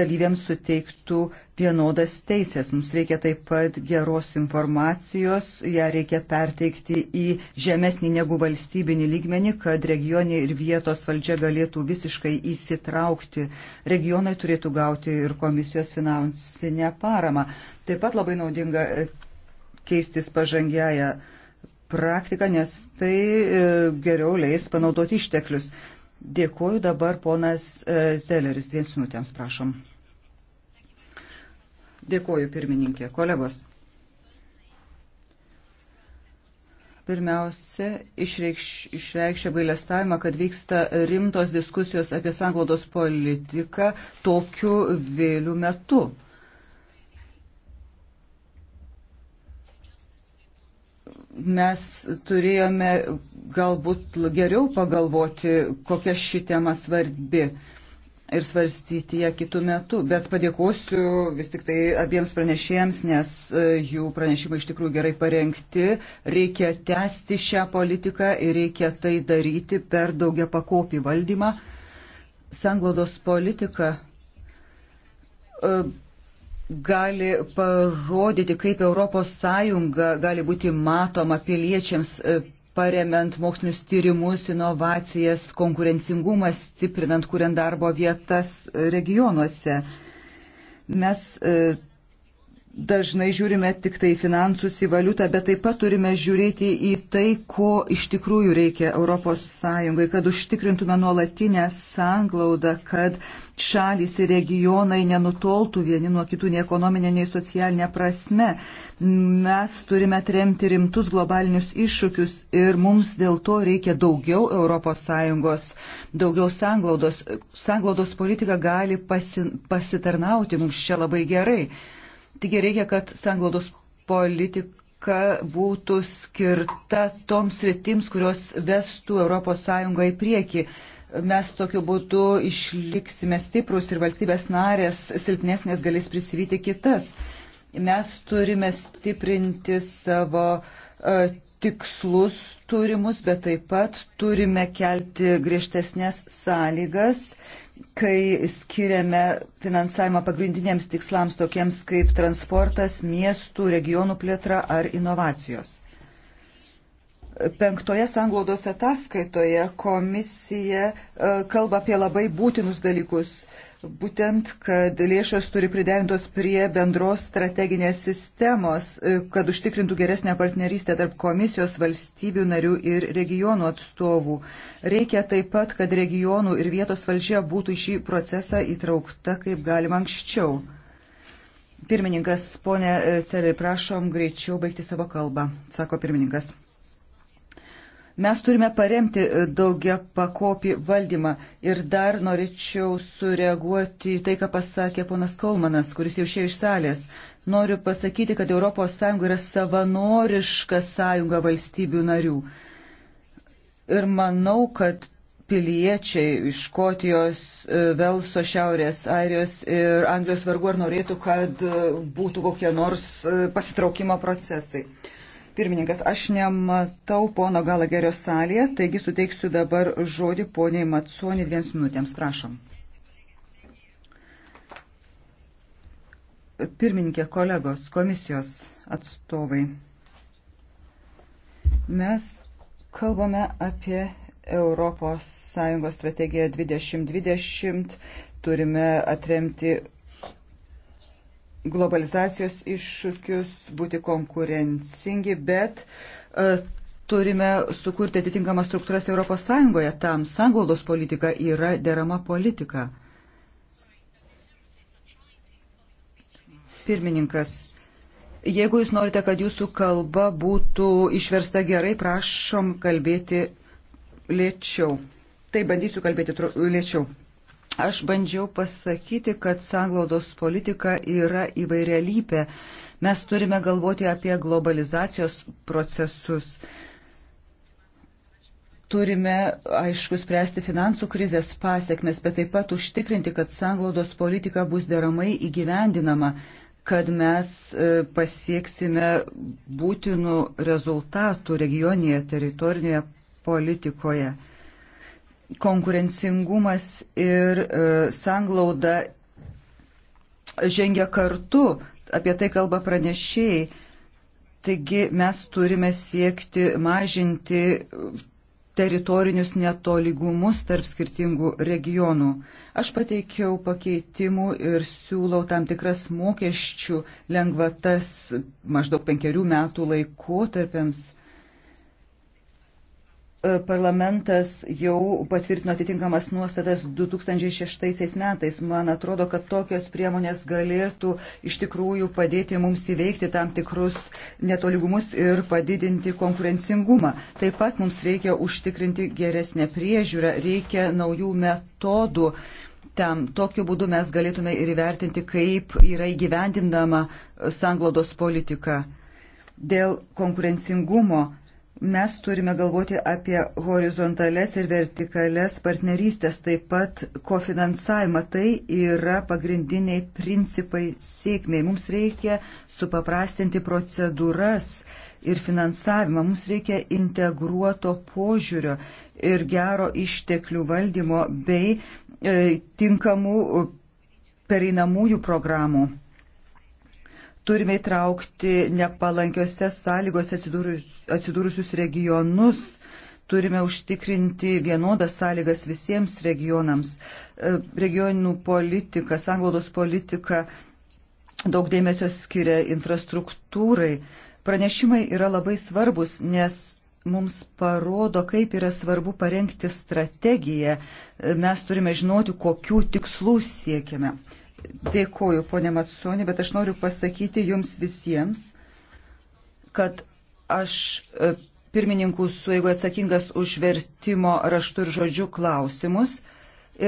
dalyviams suteiktų vienodas teisės. Mums reikia taip pat geros informacijos, ją reikia perteikti į žemesnį negu valstybinį lygmenį, kad regionė ir vietos valdžia galėtų visiškai įsitraukti. Regionai turėtų gauti ir komisijos finansinę paramą. Taip pat labai naudinga keistis pažangiają praktiką, nes tai e, geriau leis panaudoti išteklius. Dėkuoju dabar ponas e, Zelleris, dviems minutėms prašom. Dėkuoju pirmininkė, kolegos. Pirmiausia, išreikš, išreikšė gailestavimą, kad vyksta rimtos diskusijos apie sanglaudos politiką tokiu vėliu metu. mes turėjome galbūt geriau pagalvoti, kokia ši tema svarbi ir svarstyti ją kitų metų. Bet padėkosiu vis tik tai abiems pranešėjams, nes e, jų pranešimai iš tikrųjų gerai parengti. Reikia tęsti šią politiką ir reikia tai daryti per daugia pakopį valdymą. Sanglodos politika e, gali parodyti, kaip ES gali būti matoma piliečiams e, paremiant mokslinius tyrimus, inovacijas, konkurencingumą, stiprinant, kuriant darbo vietas regionuose. Mes e, dažnai žiūrime tik tai finansus į valiutą, bet taip pat turime žiūrėti į tai, ko iš tikrųjų reikia ES, kad užtikrintume nuolatinę sanglaudą, kad šalys ir regionai nenutoltų vieni nuo kitų nei ekonominė, nei socialinė prasme. Mes turime tremti rimtus globalinius iššūkius ir mums dėl to reikia daugiau ES, daugiau sanglaudos. Sanglaudos politika gali pasi, pasitarnauti mums čia labai gerai Taigi reikia, kad sanglaudos politika būtų skirta toms rytims, kurios vestų ES į priekį. Mes tokiu būdu išliksime stiprus ir valstybės narės silpnesnės galės prisivyti kitas. Mes turime stiprinti savo e, tikslus turimus, bet taip pat turime kelti griežtesnės sąlygas kai skiriame finansavimą pagrindiniams tikslams tokiems kaip transportas, miestų, regionų plėtra ar inovacijos. Penktoje sanglaudos ataskaitoje komisija e, kalba apie labai būtinus dalykus Būtent, kad lėšos turi priderintos prie bendros strateginės sistemos, e, kad užtikrintų geresnę partnerystę tarp komisijos valstybių narių ir regionų atstovų. Reikia taip pat, kad regionų ir vietos valdžia būtų šį procesą įtraukta kaip galima anksčiau. Pirmininkas, ponė Celi, prašom greičiau baigti savo kalbą, sako pirmininkas. Mes turime paremti e, daugia pakopį valdymą. Ir dar norėčiau sureaguoti į tai, ką pasakė ponas Kolmanas, kuris jau išėjo iš salės. Noriu pasakyti, kad ES yra savanoriška sąjunga valstybių narių. Ir manau, kad piliečiai iš Škotijos, e, Velso, Šiaurės Airijos ir Anglijos vargu ar norėtų, kad e, būtų kokie nors pasitraukimo procesai. Pirmininkas, aš nematau pono Galagerio salėje, taigi suteiksiu dabar žodį poniai Matsoni dviems minutėms. Prašom. Pirmininkė, kolegos, komisijos atstovai. Mes kalbame apie ES strategiją 2020, turime atremti globalizacijos iššūkius, būti konkurencingi, bet e, turime sukurti atitinkamas struktūras ES tam. Sanglaudos politika yra derama politika. Pirmininkas, jeigu jūs norite, kad jūsų kalba būtų išversta gerai, prašom kalbėti lėčiau. Tai bandysiu kalbėti lėčiau. Aš bandžiau pasakyti, kad sanglaudos politika yra įvairialypė. Mes turime galvoti apie globalizacijos procesus. Turime, aišku, spręsti finansų krizės pasiekmes, bet taip pat užtikrinti, kad sanglaudos politika bus deramai įgyvendinama, kad mes e, pasieksime būtinų rezultatų regioninėje teritorinėje politikoje konkurencingumas ir e, sanglauda žengia kartu, apie tai kalba pranešėjai. Taigi mes turime siekti mažinti teritorinius netolygumus tarp skirtingų regionų. Aš pateikiau pakeitimų ir siūlau tam tikras mokesčių lengvatas maždaug penkerių metų laikotarpiams. tarpiams E, parlamentas jau patvirtino atitinkamas nuostatas 2006 metais. Man atrodo, kad tokios priemonės galėtų iš tikrųjų padėti mums įveikti tam tikrus netoligumus ir padidinti konkurencingumą. Taip pat mums reikia užtikrinti geresnę priežiūrą, reikia naujų metodų. Tam, tokiu būdu mes galėtume ir įvertinti, kaip yra įgyvendinama sanglodos politika. Dėl konkurencingumo mes turime galvoti apie horizontales ir vertikales partnerystės, taip pat kofinansavimą. Tai yra pagrindiniai principai sėkmiai. Mums reikia supaprastinti procedūras ir finansavimą. Mums reikia integruoto požiūrio ir gero išteklių valdymo bei e, tinkamų pereinamųjų programų. Turime įtraukti nepalankiose sąlygose atsidūrusius regionus, turime užtikrinti vienodas sąlygas visiems regionams. E, regionų politika, sanglaudos politika daug dėmesio skiria infrastruktūrai. Pranešimai yra labai svarbus, nes mums parodo, kaip yra svarbu parengti strategiją. E, mes turime žinoti, kokių tikslų siekiame dėkoju, ponė Matsonė, bet aš noriu pasakyti jums visiems, kad aš e, pirmininkų suėgoje atsakingas už vertimo raštų ir žodžių klausimus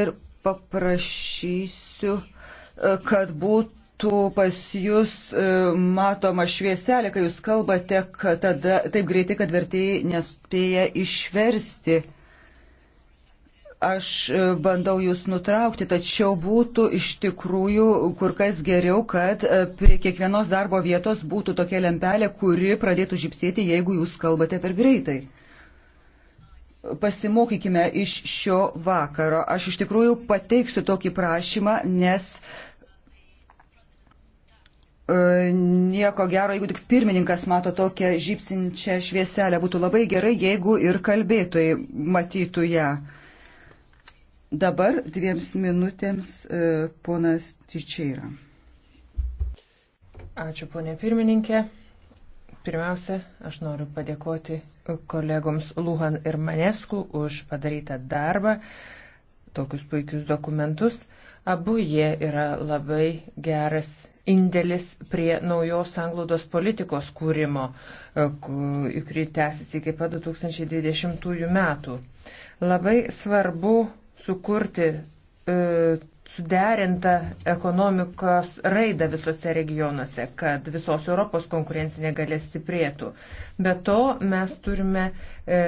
ir paprašysiu, e, kad būtų pas jūs e, matoma švieselė, kai jūs kalbate, kad tada taip greitai, kad vertėjai nespėja išversti aš e, bandau jūs nutraukti, tačiau būtų iš tikrųjų kur kas geriau, kad e, prie kiekvienos darbo vietos būtų tokia lempelė, kuri pradėtų žipsėti, jeigu jūs kalbate per greitai. Pasimokykime iš šio vakaro. Aš iš tikrųjų pateiksiu tokį prašymą, nes e, nieko gero, jeigu tik pirmininkas mato tokią žypsinčią švieselę, būtų labai gerai, jeigu ir kalbėtojai matytų ją. Dabar dviems minutėms e, ponas Tyčeira. Ačiū, ponė pirmininkė. Pirmiausia, aš noriu padėkoti kolegoms Luhan ir Manesku už padarytą darbą, tokius puikius dokumentus. Abu jie yra labai geras indėlis prie naujos anglodos politikos kūrimo, e, kuri tęsis iki pat 2020 metų. Labai svarbu sukurti e, suderintą ekonomikos raidą visose regionuose, kad visos Europos konkurencinė galės stiprėtų. Be to mes turime e,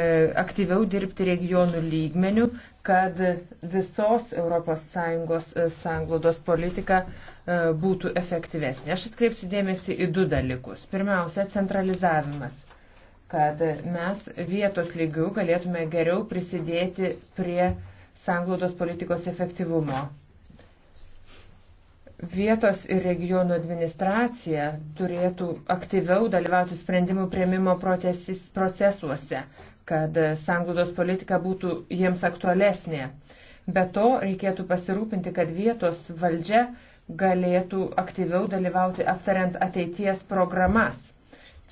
aktyviau dirbti regionų lygmenių, kad visos ES e, sanglodos politika e, būtų efektyvesnė. Aš atkreipsiu dėmesį į du dalykus. Pirmiausia, centralizavimas kad mes vietos lygių galėtume geriau prisidėti prie uh, sanglaudos politikos efektyvumo. Vietos ir regionų administracija turėtų aktyviau dalyvauti sprendimų prieimimo procesuose, kad sanglaudos politika būtų jiems aktualesnė. Be to reikėtų pasirūpinti, kad vietos valdžia galėtų aktyviau dalyvauti aptariant ateities programas.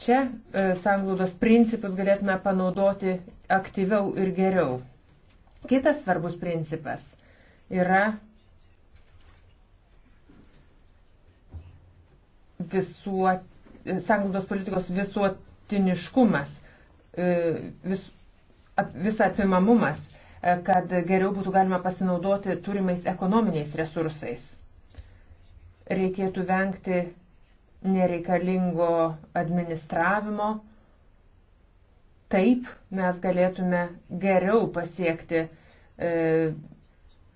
Čia e, sanglaudos principus galėtume panaudoti aktyviau ir geriau. Kitas svarbus principas yra visuot, sanglaudos politikos visuotiniškumas, e, vis, ap, visą apimamumas, e, kad geriau būtų galima pasinaudoti turimais ekonominiais resursais. Reikėtų vengti nereikalingo administravimo, Taip mes galėtume geriau pasiekti e,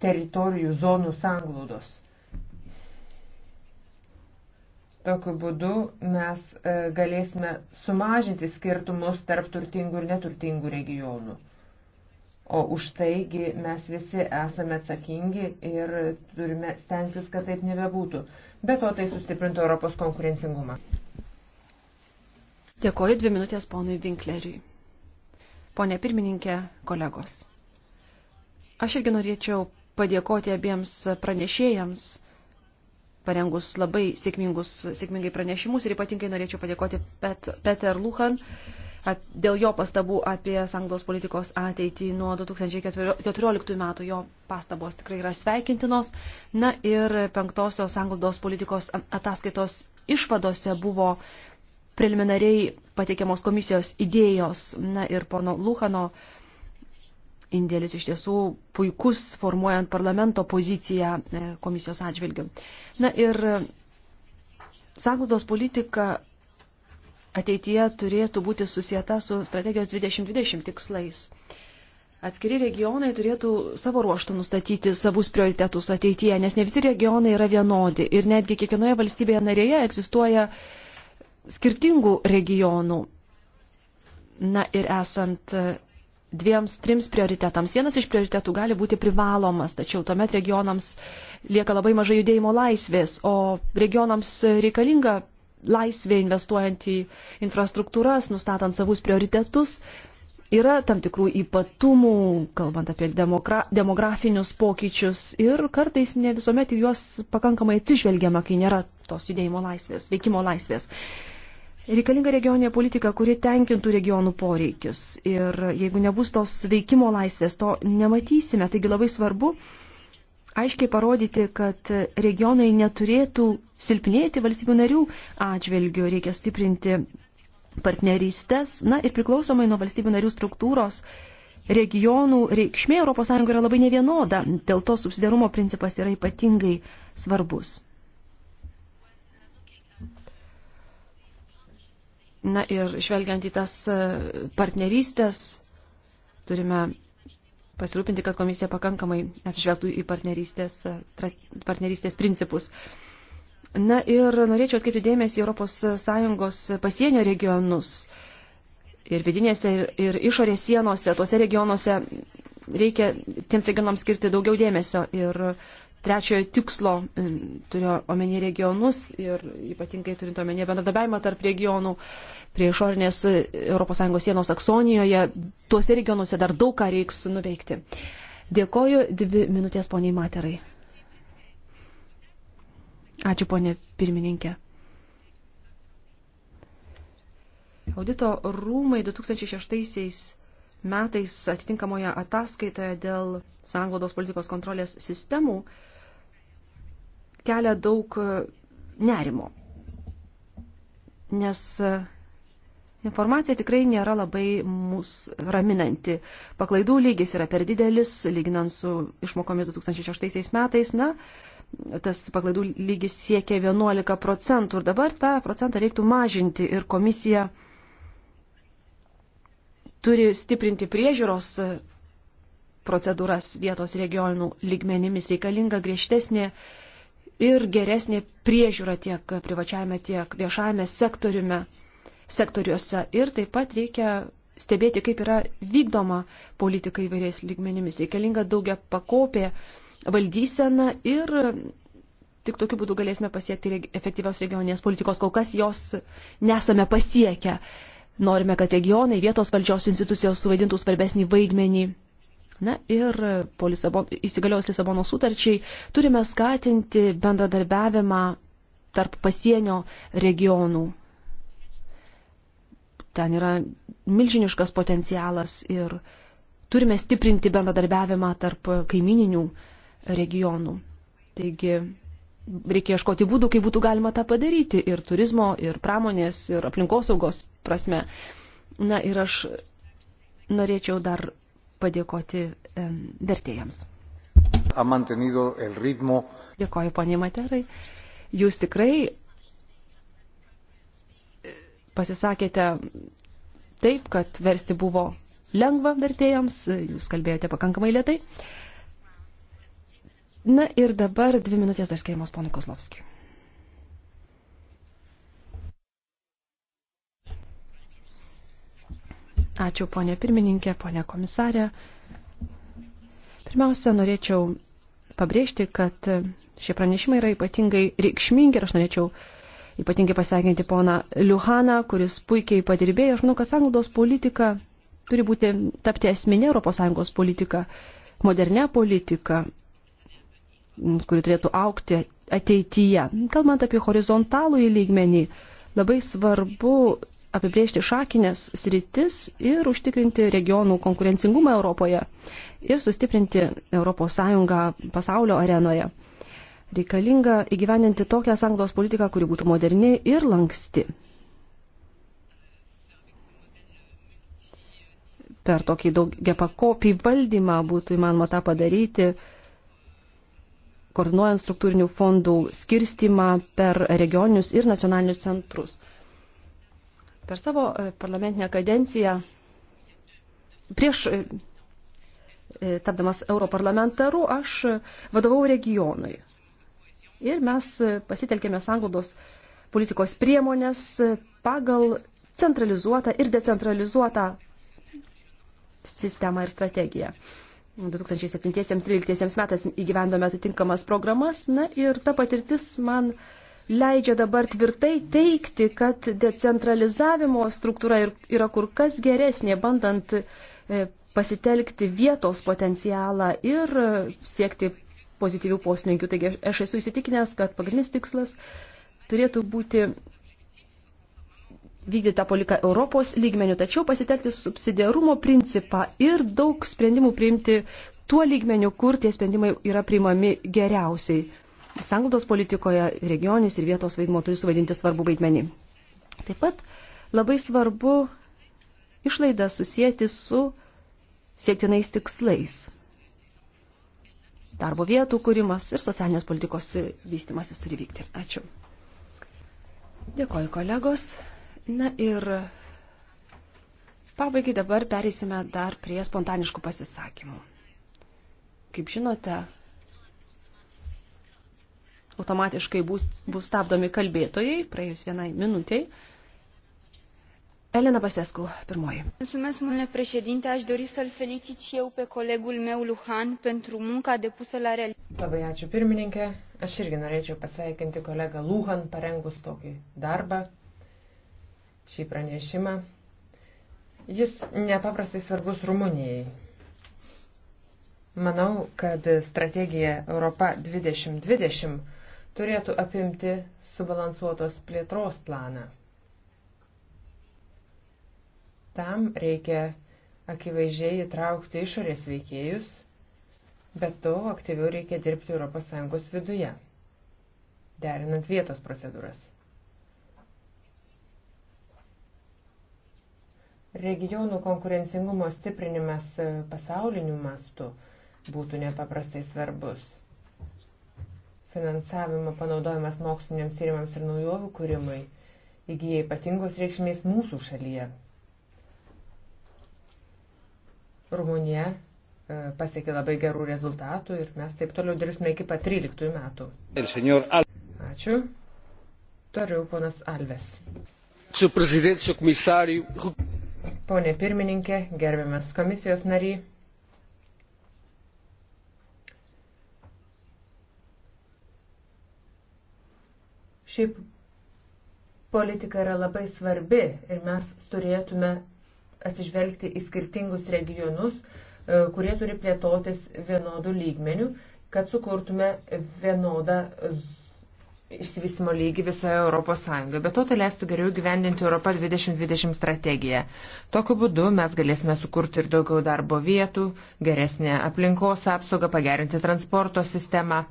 teritorijų zonų sanglaudos. Tokiu būdu mes e, galėsime sumažinti skirtumus tarp turtingų ir neturtingų regionų. O už taigi mes visi esame atsakingi ir turime stengtis, kad taip nebebūtų. Be to tai sustiprintų Europos konkurencingumą. Dėkoju dvi minutės ponui Vinkleriui. Pone pirmininkė, kolegos. Aš irgi norėčiau padėkoti abiems pranešėjams, parengus labai sėkmingus, sėkmingai pranešimus ir ypatingai norėčiau padėkoti Pet, Peter Luhan dėl jo pastabų apie sanglos politikos ateitį nuo 2014 metų. Jo pastabos tikrai yra sveikintinos. Na ir penktosios sanglos politikos ataskaitos išvadose buvo preliminariai pateikiamos komisijos idėjos. Na ir pono Luhano indėlis iš tiesų puikus formuojant parlamento poziciją e, komisijos atžvilgių. Na ir sanglaudos politika ateityje turėtų būti susijęta su strategijos 2020 tikslais. Atskiri regionai turėtų savo ruoštų nustatyti savus prioritetus ateityje, nes ne visi regionai yra vienodi ir netgi kiekvienoje valstybėje narėje egzistuoja uh, skirtingų regionų. Na ir esant e, dviems, trims prioritetams. Vienas iš prioritetų gali būti privalomas, tačiau tuomet regionams lieka labai mažai judėjimo laisvės, o regionams reikalinga laisvė investuojant į infrastruktūras, nustatant savus prioritetus. Yra tam tikrų ypatumų, kalbant apie demokra, demografinius pokyčius ir kartais ne visuomet juos pakankamai atsižvelgiama, kai nėra tos judėjimo laisvės, veikimo laisvės. Reikalinga regioninė politika, kuri tenkintų regionų poreikius. Ir jeigu nebus tos veikimo laisvės, to nematysime. Taigi labai svarbu aiškiai parodyti, kad regionai neturėtų silpnėti valstybių narių atžvilgių. Reikia stiprinti partnerystės. Na ir priklausomai nuo valstybių narių struktūros regionų reikšmė ES yra labai nevienoda. Dėl to subsidiarumo principas yra ypatingai svarbus. Na ir žvelgiant į tas e, partnerystės, turime pasirūpinti, kad komisija pakankamai atsižvelgtų į partnerystės, e, partnerystės principus. Na ir norėčiau atkreipti dėmesį ES pasienio regionus. Ir vidinėse, ir, ir išorės sienose, tuose regionuose reikia tiems regionams skirti daugiau dėmesio. Ir uh, trečiojo tikslo, e, turiu omeny regionus ir ypatingai turint omeny bendradarbiavimą tarp regionų prie išorinės ES sienos Saksonijoje, tuose regionuose dar daug ką reiks nuveikti. Dėkoju, dvi minutės poniai Materai. Ačiū, ponė pirmininkė. Audito rūmai 2006 metais atitinkamoje ataskaitoje dėl sanglodos politikos kontrolės sistemų kelia daug e, nerimo, nes e, informacija tikrai nėra labai mus raminanti. Paklaidų lygis yra per didelis, lyginant su išmokomis 2006 metais. Na, tas paklaidų lygis siekia 11 procentų ir dabar tą procentą reiktų mažinti ir komisija turi stiprinti priežiūros e, procedūras vietos regionų lygmenimis reikalinga griežtesnė ir geresnė priežiūra tiek privačiajame, tiek viešajame sektoriume, sektoriuose. Ir taip pat reikia stebėti, kaip yra vykdoma politika įvairiais lygmenimis. Reikalinga daugia pakopė valdysena ir tik tokiu būdu galėsime pasiekti efektyvios regioninės politikos. Kol kas jos nesame pasiekę. Norime, kad regionai, vietos valdžios institucijos suvaidintų svarbesnį vaidmenį Na ir po Lisabon, įsigaliojus Lisabono sutarčiai turime skatinti bendradarbiavimą tarp pasienio regionų. Ten yra milžiniškas potencialas ir turime stiprinti bendradarbiavimą tarp kaimininių regionų. Taigi reikia ieškoti būdų, kaip būtų galima tą padaryti ir turizmo, ir pramonės, ir aplinkosaugos prasme. Na ir aš norėčiau dar padėkoti vertėjams. Dėkoju, poniai Materai. Jūs tikrai e, pasisakėte taip, kad versti buvo lengva vertėjams, jūs kalbėjote pakankamai lietai. Na ir dabar dvi minutės dar skiriamos ponui Koslovskijui. Ačiū, ponė pirmininkė, ponė komisarė. Pirmiausia, norėčiau pabrėžti, kad šie pranešimai yra ypatingai reikšmingi ir aš norėčiau ypatingai pasveikinti poną Liuhaną, kuris puikiai padirbėjo. Aš manau, kad sanglaudos politika turi būti tapti esminė ES politika, modernė politika, kuri turėtų aukti ateityje. Kalbant apie horizontalų įlygmenį, labai svarbu apibriežti šakinės sritis ir užtikrinti regionų konkurencingumą Europoje ir sustiprinti ES pasaulio arenoje. Reikalinga įgyvendinti tokią sanglos politiką, kuri būtų moderni ir lanksti. Per tokį daugia pakopį valdymą būtų įmanoma tą padaryti, koordinuojant struktūrinių fondų skirstimą per regioninius ir nacionalinius centrus. Per savo e, parlamentinę kadenciją, prieš e, e, tapdamas europarlamentaru, aš vadovau regionui. Ir mes pasitelkėme sanglaudos politikos priemonės pagal centralizuotą ir decentralizuotą sistemą ir strategiją. 2007-2013 metais įgyvendome atitinkamas programas, na ir ta patirtis man uh, leidžia dabar tvirtai teikti, kad decentralizavimo struktūra yra kur kas geresnė, bandant e, pasitelkti vietos potencialą ir e, siekti pozityvių poslinkių. Taigi aš esu įsitikinęs, kad pagrindinis tikslas turėtų būti vykdyti tą politiką Europos lygmenių, tačiau pasitelkti subsidiarumo principą ir daug sprendimų priimti tuo lygmeniu, kur tie sprendimai yra priimami geriausiai sanglaudos politikoje regionis ir vietos vaidmo turi suvaidinti svarbu vaidmenį. Taip pat labai svarbu išlaidą susijęti su siektinais tikslais. Darbo vietų kūrimas ir socialinės politikos vystimasis turi vykti. Ačiū. Dėkoju kolegos. Na ir pabaigai dabar pereisime dar prie spontaniškų pasisakymų. Kaip žinote, automatiškai bus, bus stabdomi kalbėtojai, praėjus vienai minutiai. Elena Basescu, pirmoji. Mulțumesc, domnule președinte. Aș dori să-l felicit și eu pe colegul meu, Luhan, pentru munca depusă la realizare. Labai ačiū, pirmininkė. Aš irgi norėčiau pasveikinti kolegą Luhan, parengus tokį darbą, šį pranešimą. Jis nepaprastai svarbus Rumunijai. Manau, kad strategija Europa 2020 turėtų apimti subalansuotos plėtros planą. Tam reikia akivaizdžiai įtraukti išorės veikėjus, bet to aktyviau reikia dirbti ES viduje, derinant vietos procedūras. Regionų konkurencingumo stiprinimas pasauliniu mastu būtų nepaprastai svarbus – finansavimo panaudojimas moksliniams tyrimams ir naujovių kūrimui įgyja ypatingos reikšmės mūsų šalyje. Rumunija e, pasiekė labai gerų rezultatų ir mes taip toliau dirbsime iki pat 13 metų. Ačiū. Toliau ponas Alves. Pone pirmininkė, gerbiamas komisijos nariai. Šiaip politika yra labai svarbi ir mes turėtume atsižvelgti į skirtingus regionus, e, kurie turi plėtotis vienodų lygmenių, kad sukurtume vienodą išsivystimo lygį visoje Europos Sąjungoje. Bet to tai leistų geriau gyvendinti Europą 2020 strategiją. Tokiu būdu mes galėsime sukurti ir daugiau darbo vietų, geresnę aplinkos apsaugą, pagerinti transporto sistemą.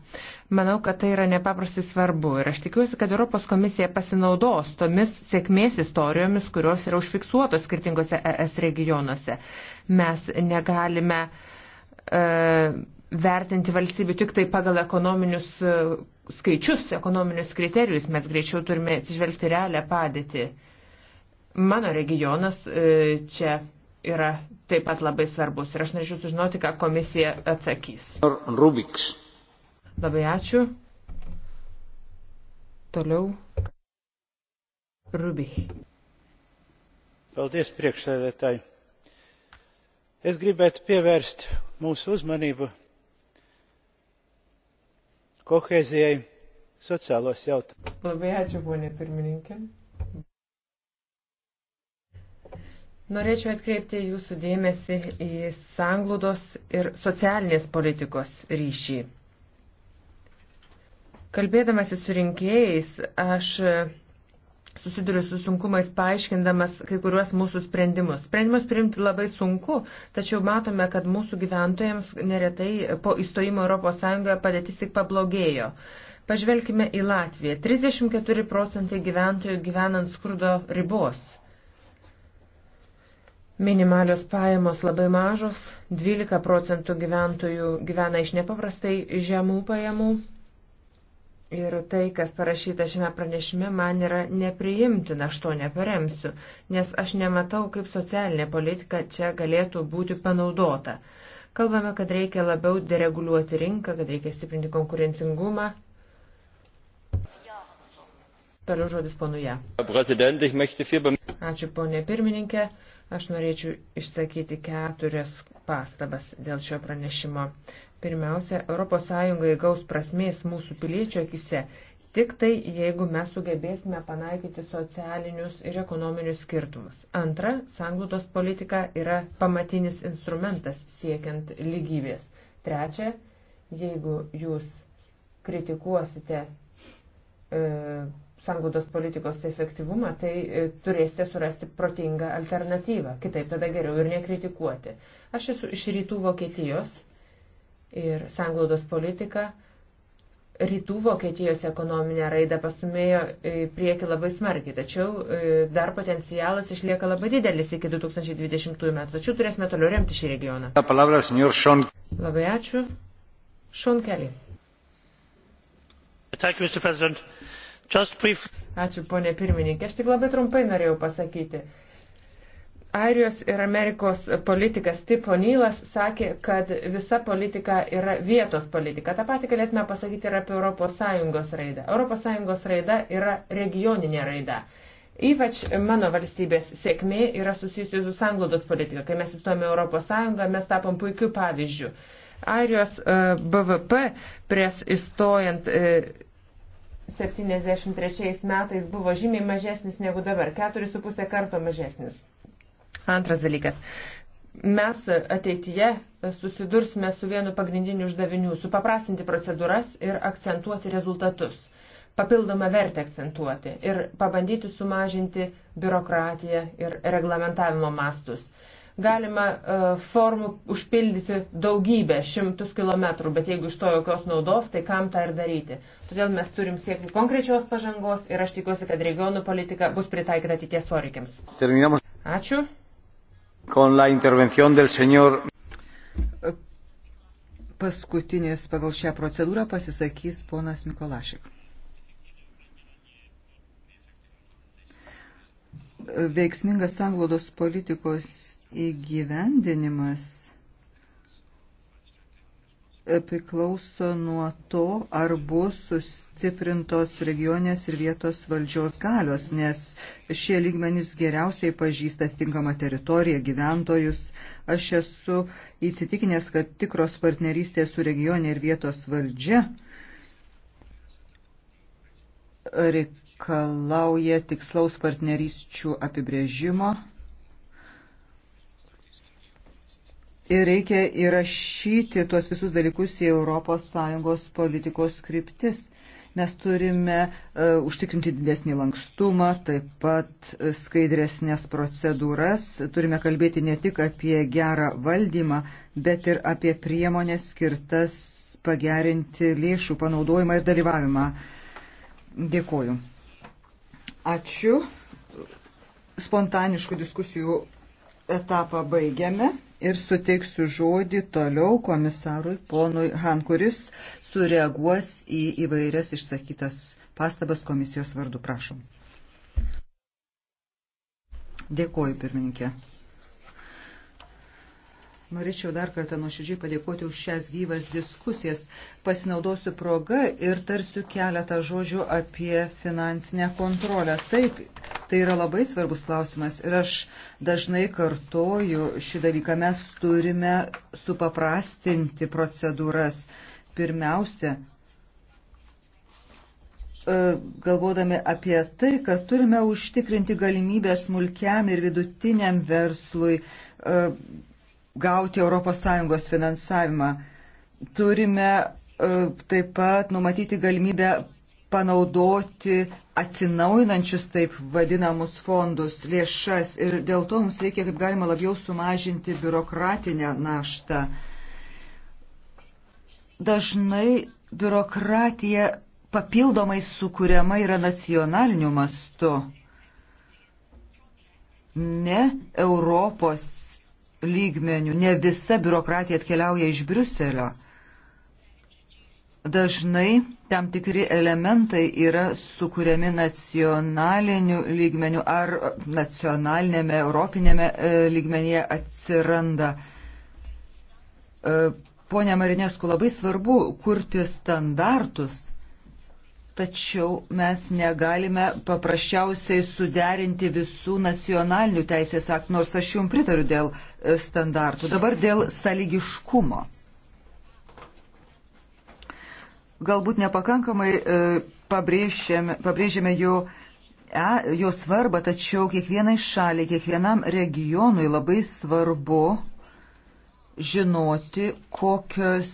Manau, kad tai yra nepaprastai svarbu ir aš tikiuosi, kad Europos komisija pasinaudos tomis sėkmės istorijomis, kurios yra užfiksuotos skirtingose ES regionuose. Mes negalime. Uh, vertinti valstybių tik tai pagal ekonominius e, skaičius, ekonominius kriterijus, mes greičiau turime atsižvelgti realią padėtį. Mano regionas e, čia yra taip pat labai svarbus ir aš norėčiau sužinoti, ką komisija atsakys. Rubiks. Labai ačiū. Toliau. Rubik. Paldies priekšsēdētāji. Es gribētu pievērst mūsu uzmanību kohezijai, socialos jautājumai. Labai ačiū, ponė pirmininkė. Norėčiau atkreipti jūsų dėmesį į sanglūdos ir socialinės politikos ryšį. Kalbėdamasi su rinkėjais, aš susiduriu su sunkumais paaiškindamas kai kuriuos mūsų sprendimus. Sprendimus priimti labai sunku, tačiau matome, kad mūsų gyventojams neretai po įstojimo ES padėtis tik pablogėjo. Pažvelkime į Latviją. 34 procentai gyventojų gyvenant skurdo ribos. Minimalios pajamos labai mažos, 12 procentų gyventojų gyvena iš nepaprastai žemų pajamų, Ir tai, kas parašyta šiame pranešime, man yra nepriimtina, aš to neparemsiu, nes aš nematau, kaip socialinė politika čia galėtų būti panaudota. Kalbame, kad reikia labiau dereguliuoti rinką, kad reikia stiprinti konkurencingumą. Toliau žodis ponuje. Ačiū ponė pirmininkė. Aš norėčiau išsakyti keturias pastabas dėl šio pranešimo. Pirmiausia, ES gaus prasmės mūsų piliečio akise tik tai, jeigu mes sugebėsime panaikyti socialinius ir ekonominius skirtumus. Antra, sanglūdos politika yra pamatinis instrumentas siekiant lygybės. Trečia, jeigu jūs kritikuosite e, sanglūdos politikos efektyvumą, tai e, turėsite surasti protingą alternatyvą. Kitaip tada geriau ir nekritikuoti. Aš esu iš rytų Vokietijos ir sanglaudos politika rytų Vokietijos ekonominę raidą pastumėjo į priekį labai smarkiai, tačiau e, dar potencialas išlieka labai didelis iki 2020 metų, tačiau turėsime toliau remti šį regioną. Palavra, Sean... Labai ačiū. Sean Kelly. Thank you, Mr. President. Just brief... Ačiū, ponė pirmininkė. Aš tik labai trumpai norėjau pasakyti. Uh, Airijos ir Amerikos politikas Tipo Nylas sakė, kad visa politika yra vietos politika. Ta pati galėtume pasakyti ir apie ES raidą. ES raida yra regioninė raida. Ypač mano valstybės sėkmė yra susijusi su sanglaudos politika. Kai mes įstojome ES, mes tapom puikiu pavyzdžiu. Airijos e, BVP prieš įstojant 73 e, metais buvo žymiai mažesnis negu dabar, 4,5 karto mažesnis. Antras dalykas. Mes ateityje susidursime su vienu pagrindiniu uždaviniu - supaprastinti procedūras ir akcentuoti rezultatus. Papildomą vertę akcentuoti ir pabandyti sumažinti biurokratiją ir reglamentavimo mastus galima uh, formų užpildyti daugybę, šimtus kilometrų, bet jeigu iš to jokios naudos, tai kam tą ir daryti. Todėl mes turim siekti konkrečios pažangos ir aš tikiuosi, kad regionų politika bus pritaikyta ateities poreikiams. Ačiū. Con la intervención del señor paskutinis pagal šią procedūrą pasisakys ponas Mikolašik. Veiksmingas anglodos politikos įgyvendinimas priklauso nuo to, ar bus sustiprintos regionės ir vietos valdžios galios, nes šie lygmenys geriausiai pažįsta atitinkamą teritoriją, gyventojus. Aš esu įsitikinęs, kad tikros partnerystės su regionė ir vietos valdžia reikalauja tikslaus partnerysčių apibrėžimo ir reikia įrašyti tuos visus dalykus į ES politikos kryptis. Mes turime uh, užtikrinti didesnį lankstumą, taip pat skaidresnės procedūras, turime kalbėti ne tik apie gerą valdymą, bet ir apie priemonės skirtas pagerinti lėšų panaudojimą ir dalyvavimą. Dėkoju. Ačiū. Spontaniškų diskusijų etapą baigiame ir suteiksiu žodį toliau komisarui ponui Han, kuris sureaguos į įvairias išsakytas pastabas komisijos vardu. Prašom. Dėkuoju, pirmininkė. Norėčiau dar kartą nuoširdžiai padėkoti už šias gyvas diskusijas. Pasinaudosiu progą ir tarsiu keletą žodžių apie finansinę kontrolę. Taip, tai yra labai svarbus klausimas ir aš dažnai kartoju šį dalyką. Mes turime supaprastinti procedūras. Pirmiausia, e, galvodami apie tai, kad turime užtikrinti galimybę smulkiam ir vidutiniam verslui e, gauti ES finansavimą. Turime e, taip pat numatyti galimybę panaudoti atsinaujinančius taip vadinamus fondus, lėšas ir dėl to mums reikia kaip galima labiau sumažinti biurokratinę naštą. Dažnai biurokratija papildomai sukūriama yra nacionaliniu mastu, ne Europos lygmenių, ne visa biurokratija atkeliauja iš Briuselio. Dažnai tam tikri elementai yra sukūriami nacionaliniu lygmeniu ar nacionalinėme, europinėme e, lygmenyje atsiranda. E, Pone Marinesku, labai svarbu kurti standartus tačiau mes negalime paprasčiausiai suderinti visų nacionalinių teisės aktų, nors aš jums pritariu dėl e, standartų. Dabar dėl sąlygiškumo. Galbūt nepakankamai e, pabrėžėme, pabrėžėme jo, e, jo svarbą, tačiau kiekvienai šaliai, kiekvienam regionui labai svarbu žinoti, kokios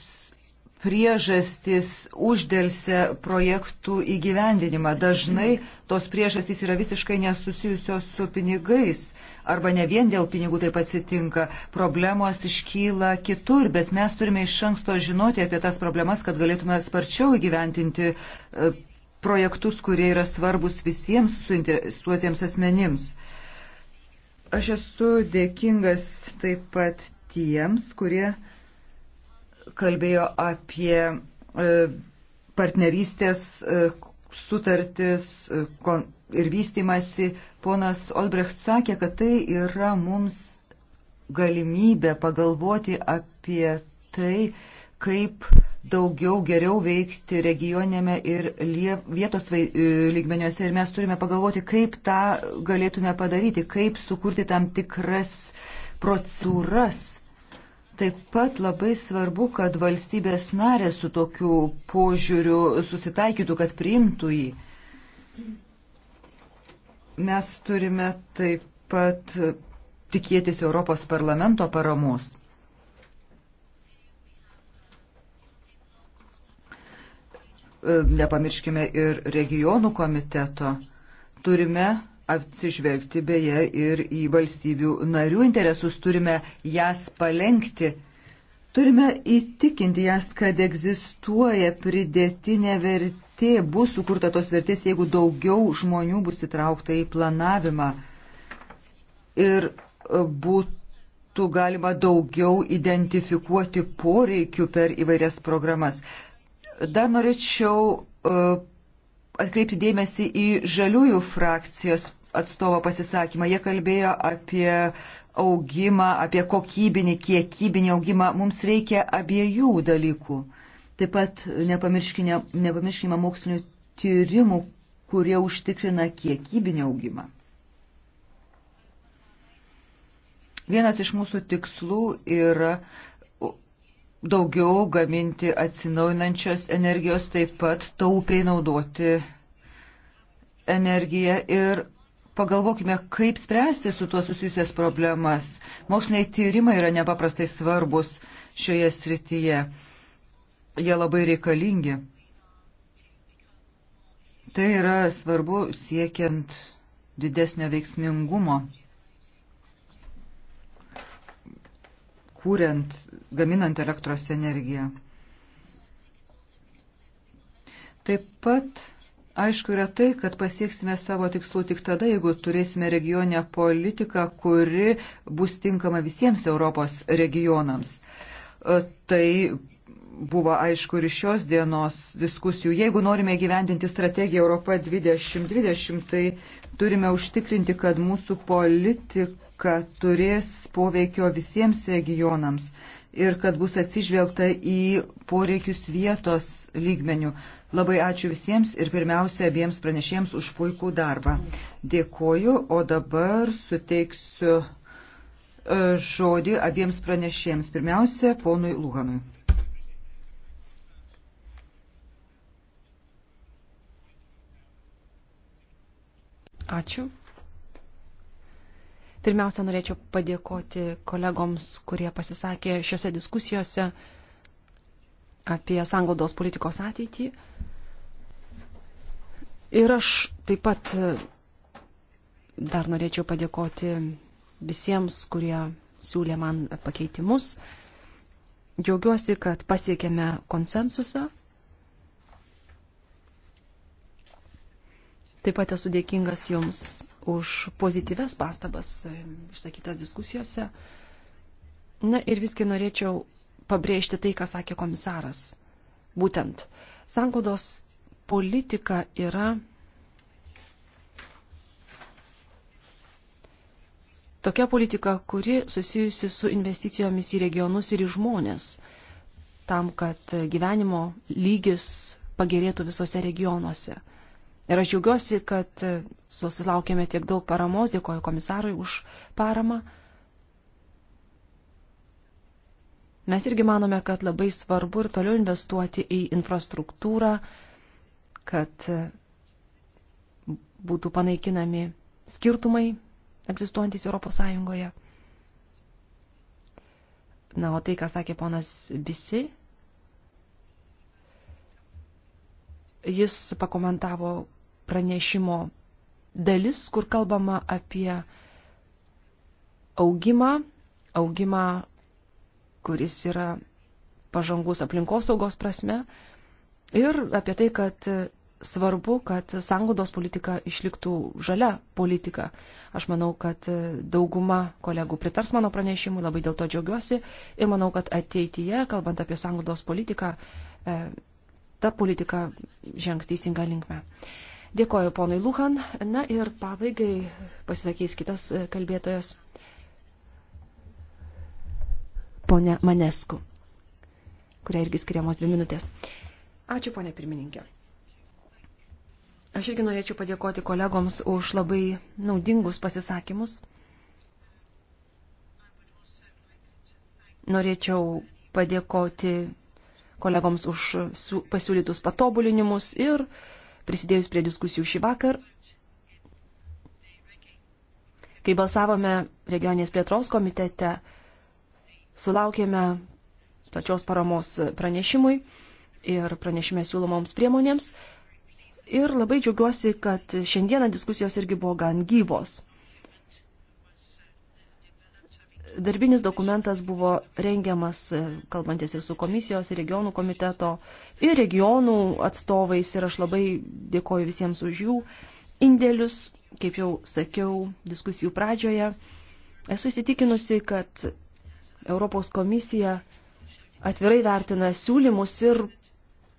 priežastis uždėlse projektų įgyvendinimą. Dažnai tos priežastys yra visiškai nesusijusios su pinigais. Arba ne vien dėl pinigų taip atsitinka, problemos iškyla kitur, bet mes turime iš anksto žinoti apie tas problemas, kad galėtume sparčiau įgyventinti e, projektus, kurie yra svarbus visiems suinteresuotiems asmenims. Aš esu dėkingas taip pat tiems, kurie uh, kalbėjo apie e, partnerystės e, sutartis e, ir vystimasi. Ponas Olbrecht sakė, kad tai yra mums galimybė pagalvoti apie tai, kaip daugiau geriau veikti regionėme ir vietos lygmeniuose. Ir mes turime pagalvoti, kaip tą galėtume padaryti, kaip sukurti tam tikras procedūras Taip pat labai svarbu, kad valstybės narės su tokiu požiūriu susitaikytų, kad priimtų jį. Mes turime taip pat tikėtis Europos parlamento paramos. Nepamirškime ir regionų komiteto. Turime atsižvelgti beje ir į valstybių narių interesus, turime jas palenkti, turime įtikinti jas, kad egzistuoja pridėtinė vertė, bus sukurta tos vertės, jeigu daugiau žmonių bus įtraukta į planavimą ir e, būtų galima daugiau identifikuoti poreikių per įvairias programas. Dar norėčiau e, atkreipti dėmesį į žaliųjų frakcijos atstovo pasisakymą. Jie kalbėjo apie augimą, apie kokybinį, kiekybinį augimą. Mums reikia abiejų dalykų. Taip pat nepamirškime, nepamirškime mokslinių tyrimų, kurie užtikrina kiekybinį augimą. Vienas iš mūsų tikslų yra daugiau gaminti atsinaujinančios energijos, taip pat taupiai naudoti energiją ir pagalvokime, kaip spręsti su tuo susijusias problemas. Moksliniai tyrimai yra nepaprastai svarbus šioje srityje. Jie labai reikalingi. Tai yra svarbu siekiant didesnio veiksmingumo, kuriant gaminant elektros energiją. Taip pat aišku yra tai, kad pasieksime savo tikslų tik tada, jeigu turėsime regionę politiką, kuri bus tinkama visiems Europos regionams. E, tai buvo aišku ir šios dienos diskusijų. Jeigu norime gyvendinti strategiją Europa 2020, tai turime užtikrinti, kad mūsų politika turės poveikio visiems regionams ir kad bus atsižvelgta į poreikius vietos lygmenių. Labai ačiū visiems ir pirmiausia abiems pranešėjams už puikų darbą. Dėkoju, o dabar suteiksiu e, žodį abiems pranešėjams. Pirmiausia, ponui Luhanui. Ačiū. Pirmiausia, norėčiau padėkoti kolegoms, kurie pasisakė šiuose diskusijose apie sanglaudos politikos ateitį. Ir aš taip pat dar norėčiau padėkoti visiems, kurie siūlė man pakeitimus. Džiaugiuosi, kad pasiekėme konsensusą. Taip pat esu dėkingas Jums už pozityves pastabas išsakytas diskusijose. Na ir visgi norėčiau pabrėžti tai, ką sakė komisaras. Būtent, sankodos politika yra tokia politika, kuri susijusi su investicijomis į regionus ir į žmonės, tam, kad gyvenimo lygis pagerėtų visose regionuose. Ir aš džiaugiuosi, kad e, susilaukėme tiek daug paramos, dėkoju komisarui už paramą. Mes irgi manome, kad labai svarbu ir toliau investuoti į infrastruktūrą, kad e, būtų panaikinami skirtumai egzistuojantis Europos Sąjungoje. Na, o tai, ką sakė ponas Bisi, jis pakomentavo pranešimo dalis, kur kalbama apie augimą, augimą, kuris yra pažangus aplinkosaugos prasme ir apie tai, kad svarbu, kad sanglaudos politika išliktų žalia politika. Aš manau, kad dauguma kolegų pritars mano pranešimui, labai dėl to džiaugiuosi ir manau, kad ateityje, kalbant apie sanglaudos politiką, e, ta politika žengs teisinga linkme. Dėkoju ponui Luhan. Na ir pabaigai pasisakys kitas e, kalbėtojas. Pone Manesku, kuria irgi skiriamos dvi minutės. Ačiū, ponė pirmininkė. Aš irgi norėčiau padėkoti kolegoms už labai naudingus pasisakymus. Norėčiau padėkoti kolegoms už pasiūlytus patobulinimus ir uh, prisidėjus prie diskusijų šį vakar. Kai balsavome regionės plėtros komitete, sulaukėme plačios paramos pranešimui ir pranešime siūlomoms priemonėms. Ir labai džiaugiuosi, kad šiandieną diskusijos irgi buvo gan gyvos. Darbinis dokumentas buvo rengiamas, e, kalbantis ir su komisijos, ir regionų komiteto, ir regionų atstovais, ir aš labai dėkoju visiems už jų indėlius, kaip jau sakiau diskusijų pradžioje. Esu įsitikinusi, kad Europos komisija atvirai vertina siūlymus ir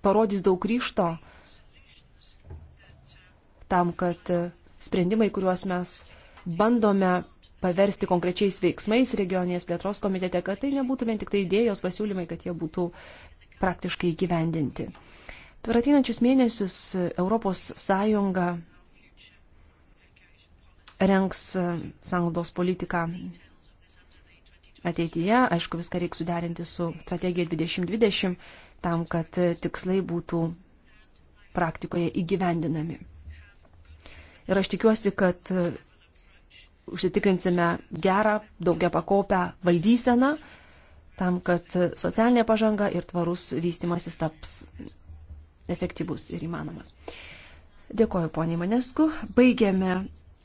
parodys daug ryšto tam, kad e, sprendimai, kuriuos mes bandome paversti konkrečiais veiksmais regioninės plėtros komitete, kad tai nebūtų vien tik tai idėjos pasiūlymai, kad jie būtų praktiškai gyvendinti. Per ateinančius mėnesius Europos Sąjunga rengs sąnaudos politiką ateityje. Aišku, viską reikia suderinti su strategija 2020, tam, kad tikslai būtų praktikoje įgyvendinami. Ir aš tikiuosi, kad užsitikrinsime gerą, daugia pakopę valdyseną, tam, kad socialinė pažanga ir tvarus vystimasis taps efektyvus ir įmanomas. Dėkoju, poniai Manesku. Baigėme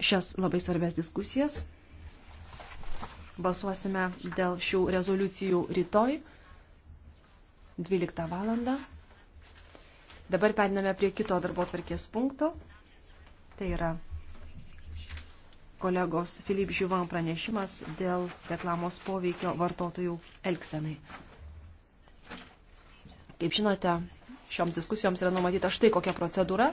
šias labai svarbės diskusijas. Balsuosime dėl šių rezoliucijų rytoj 12 valandą. Dabar periname prie kito darbo tvarkės punkto. Tai yra kolegos Filip Žiuvan pranešimas dėl reklamos poveikio vartotojų elgsenai. Kaip žinote, šioms diskusijoms yra numatyta štai kokia procedūra.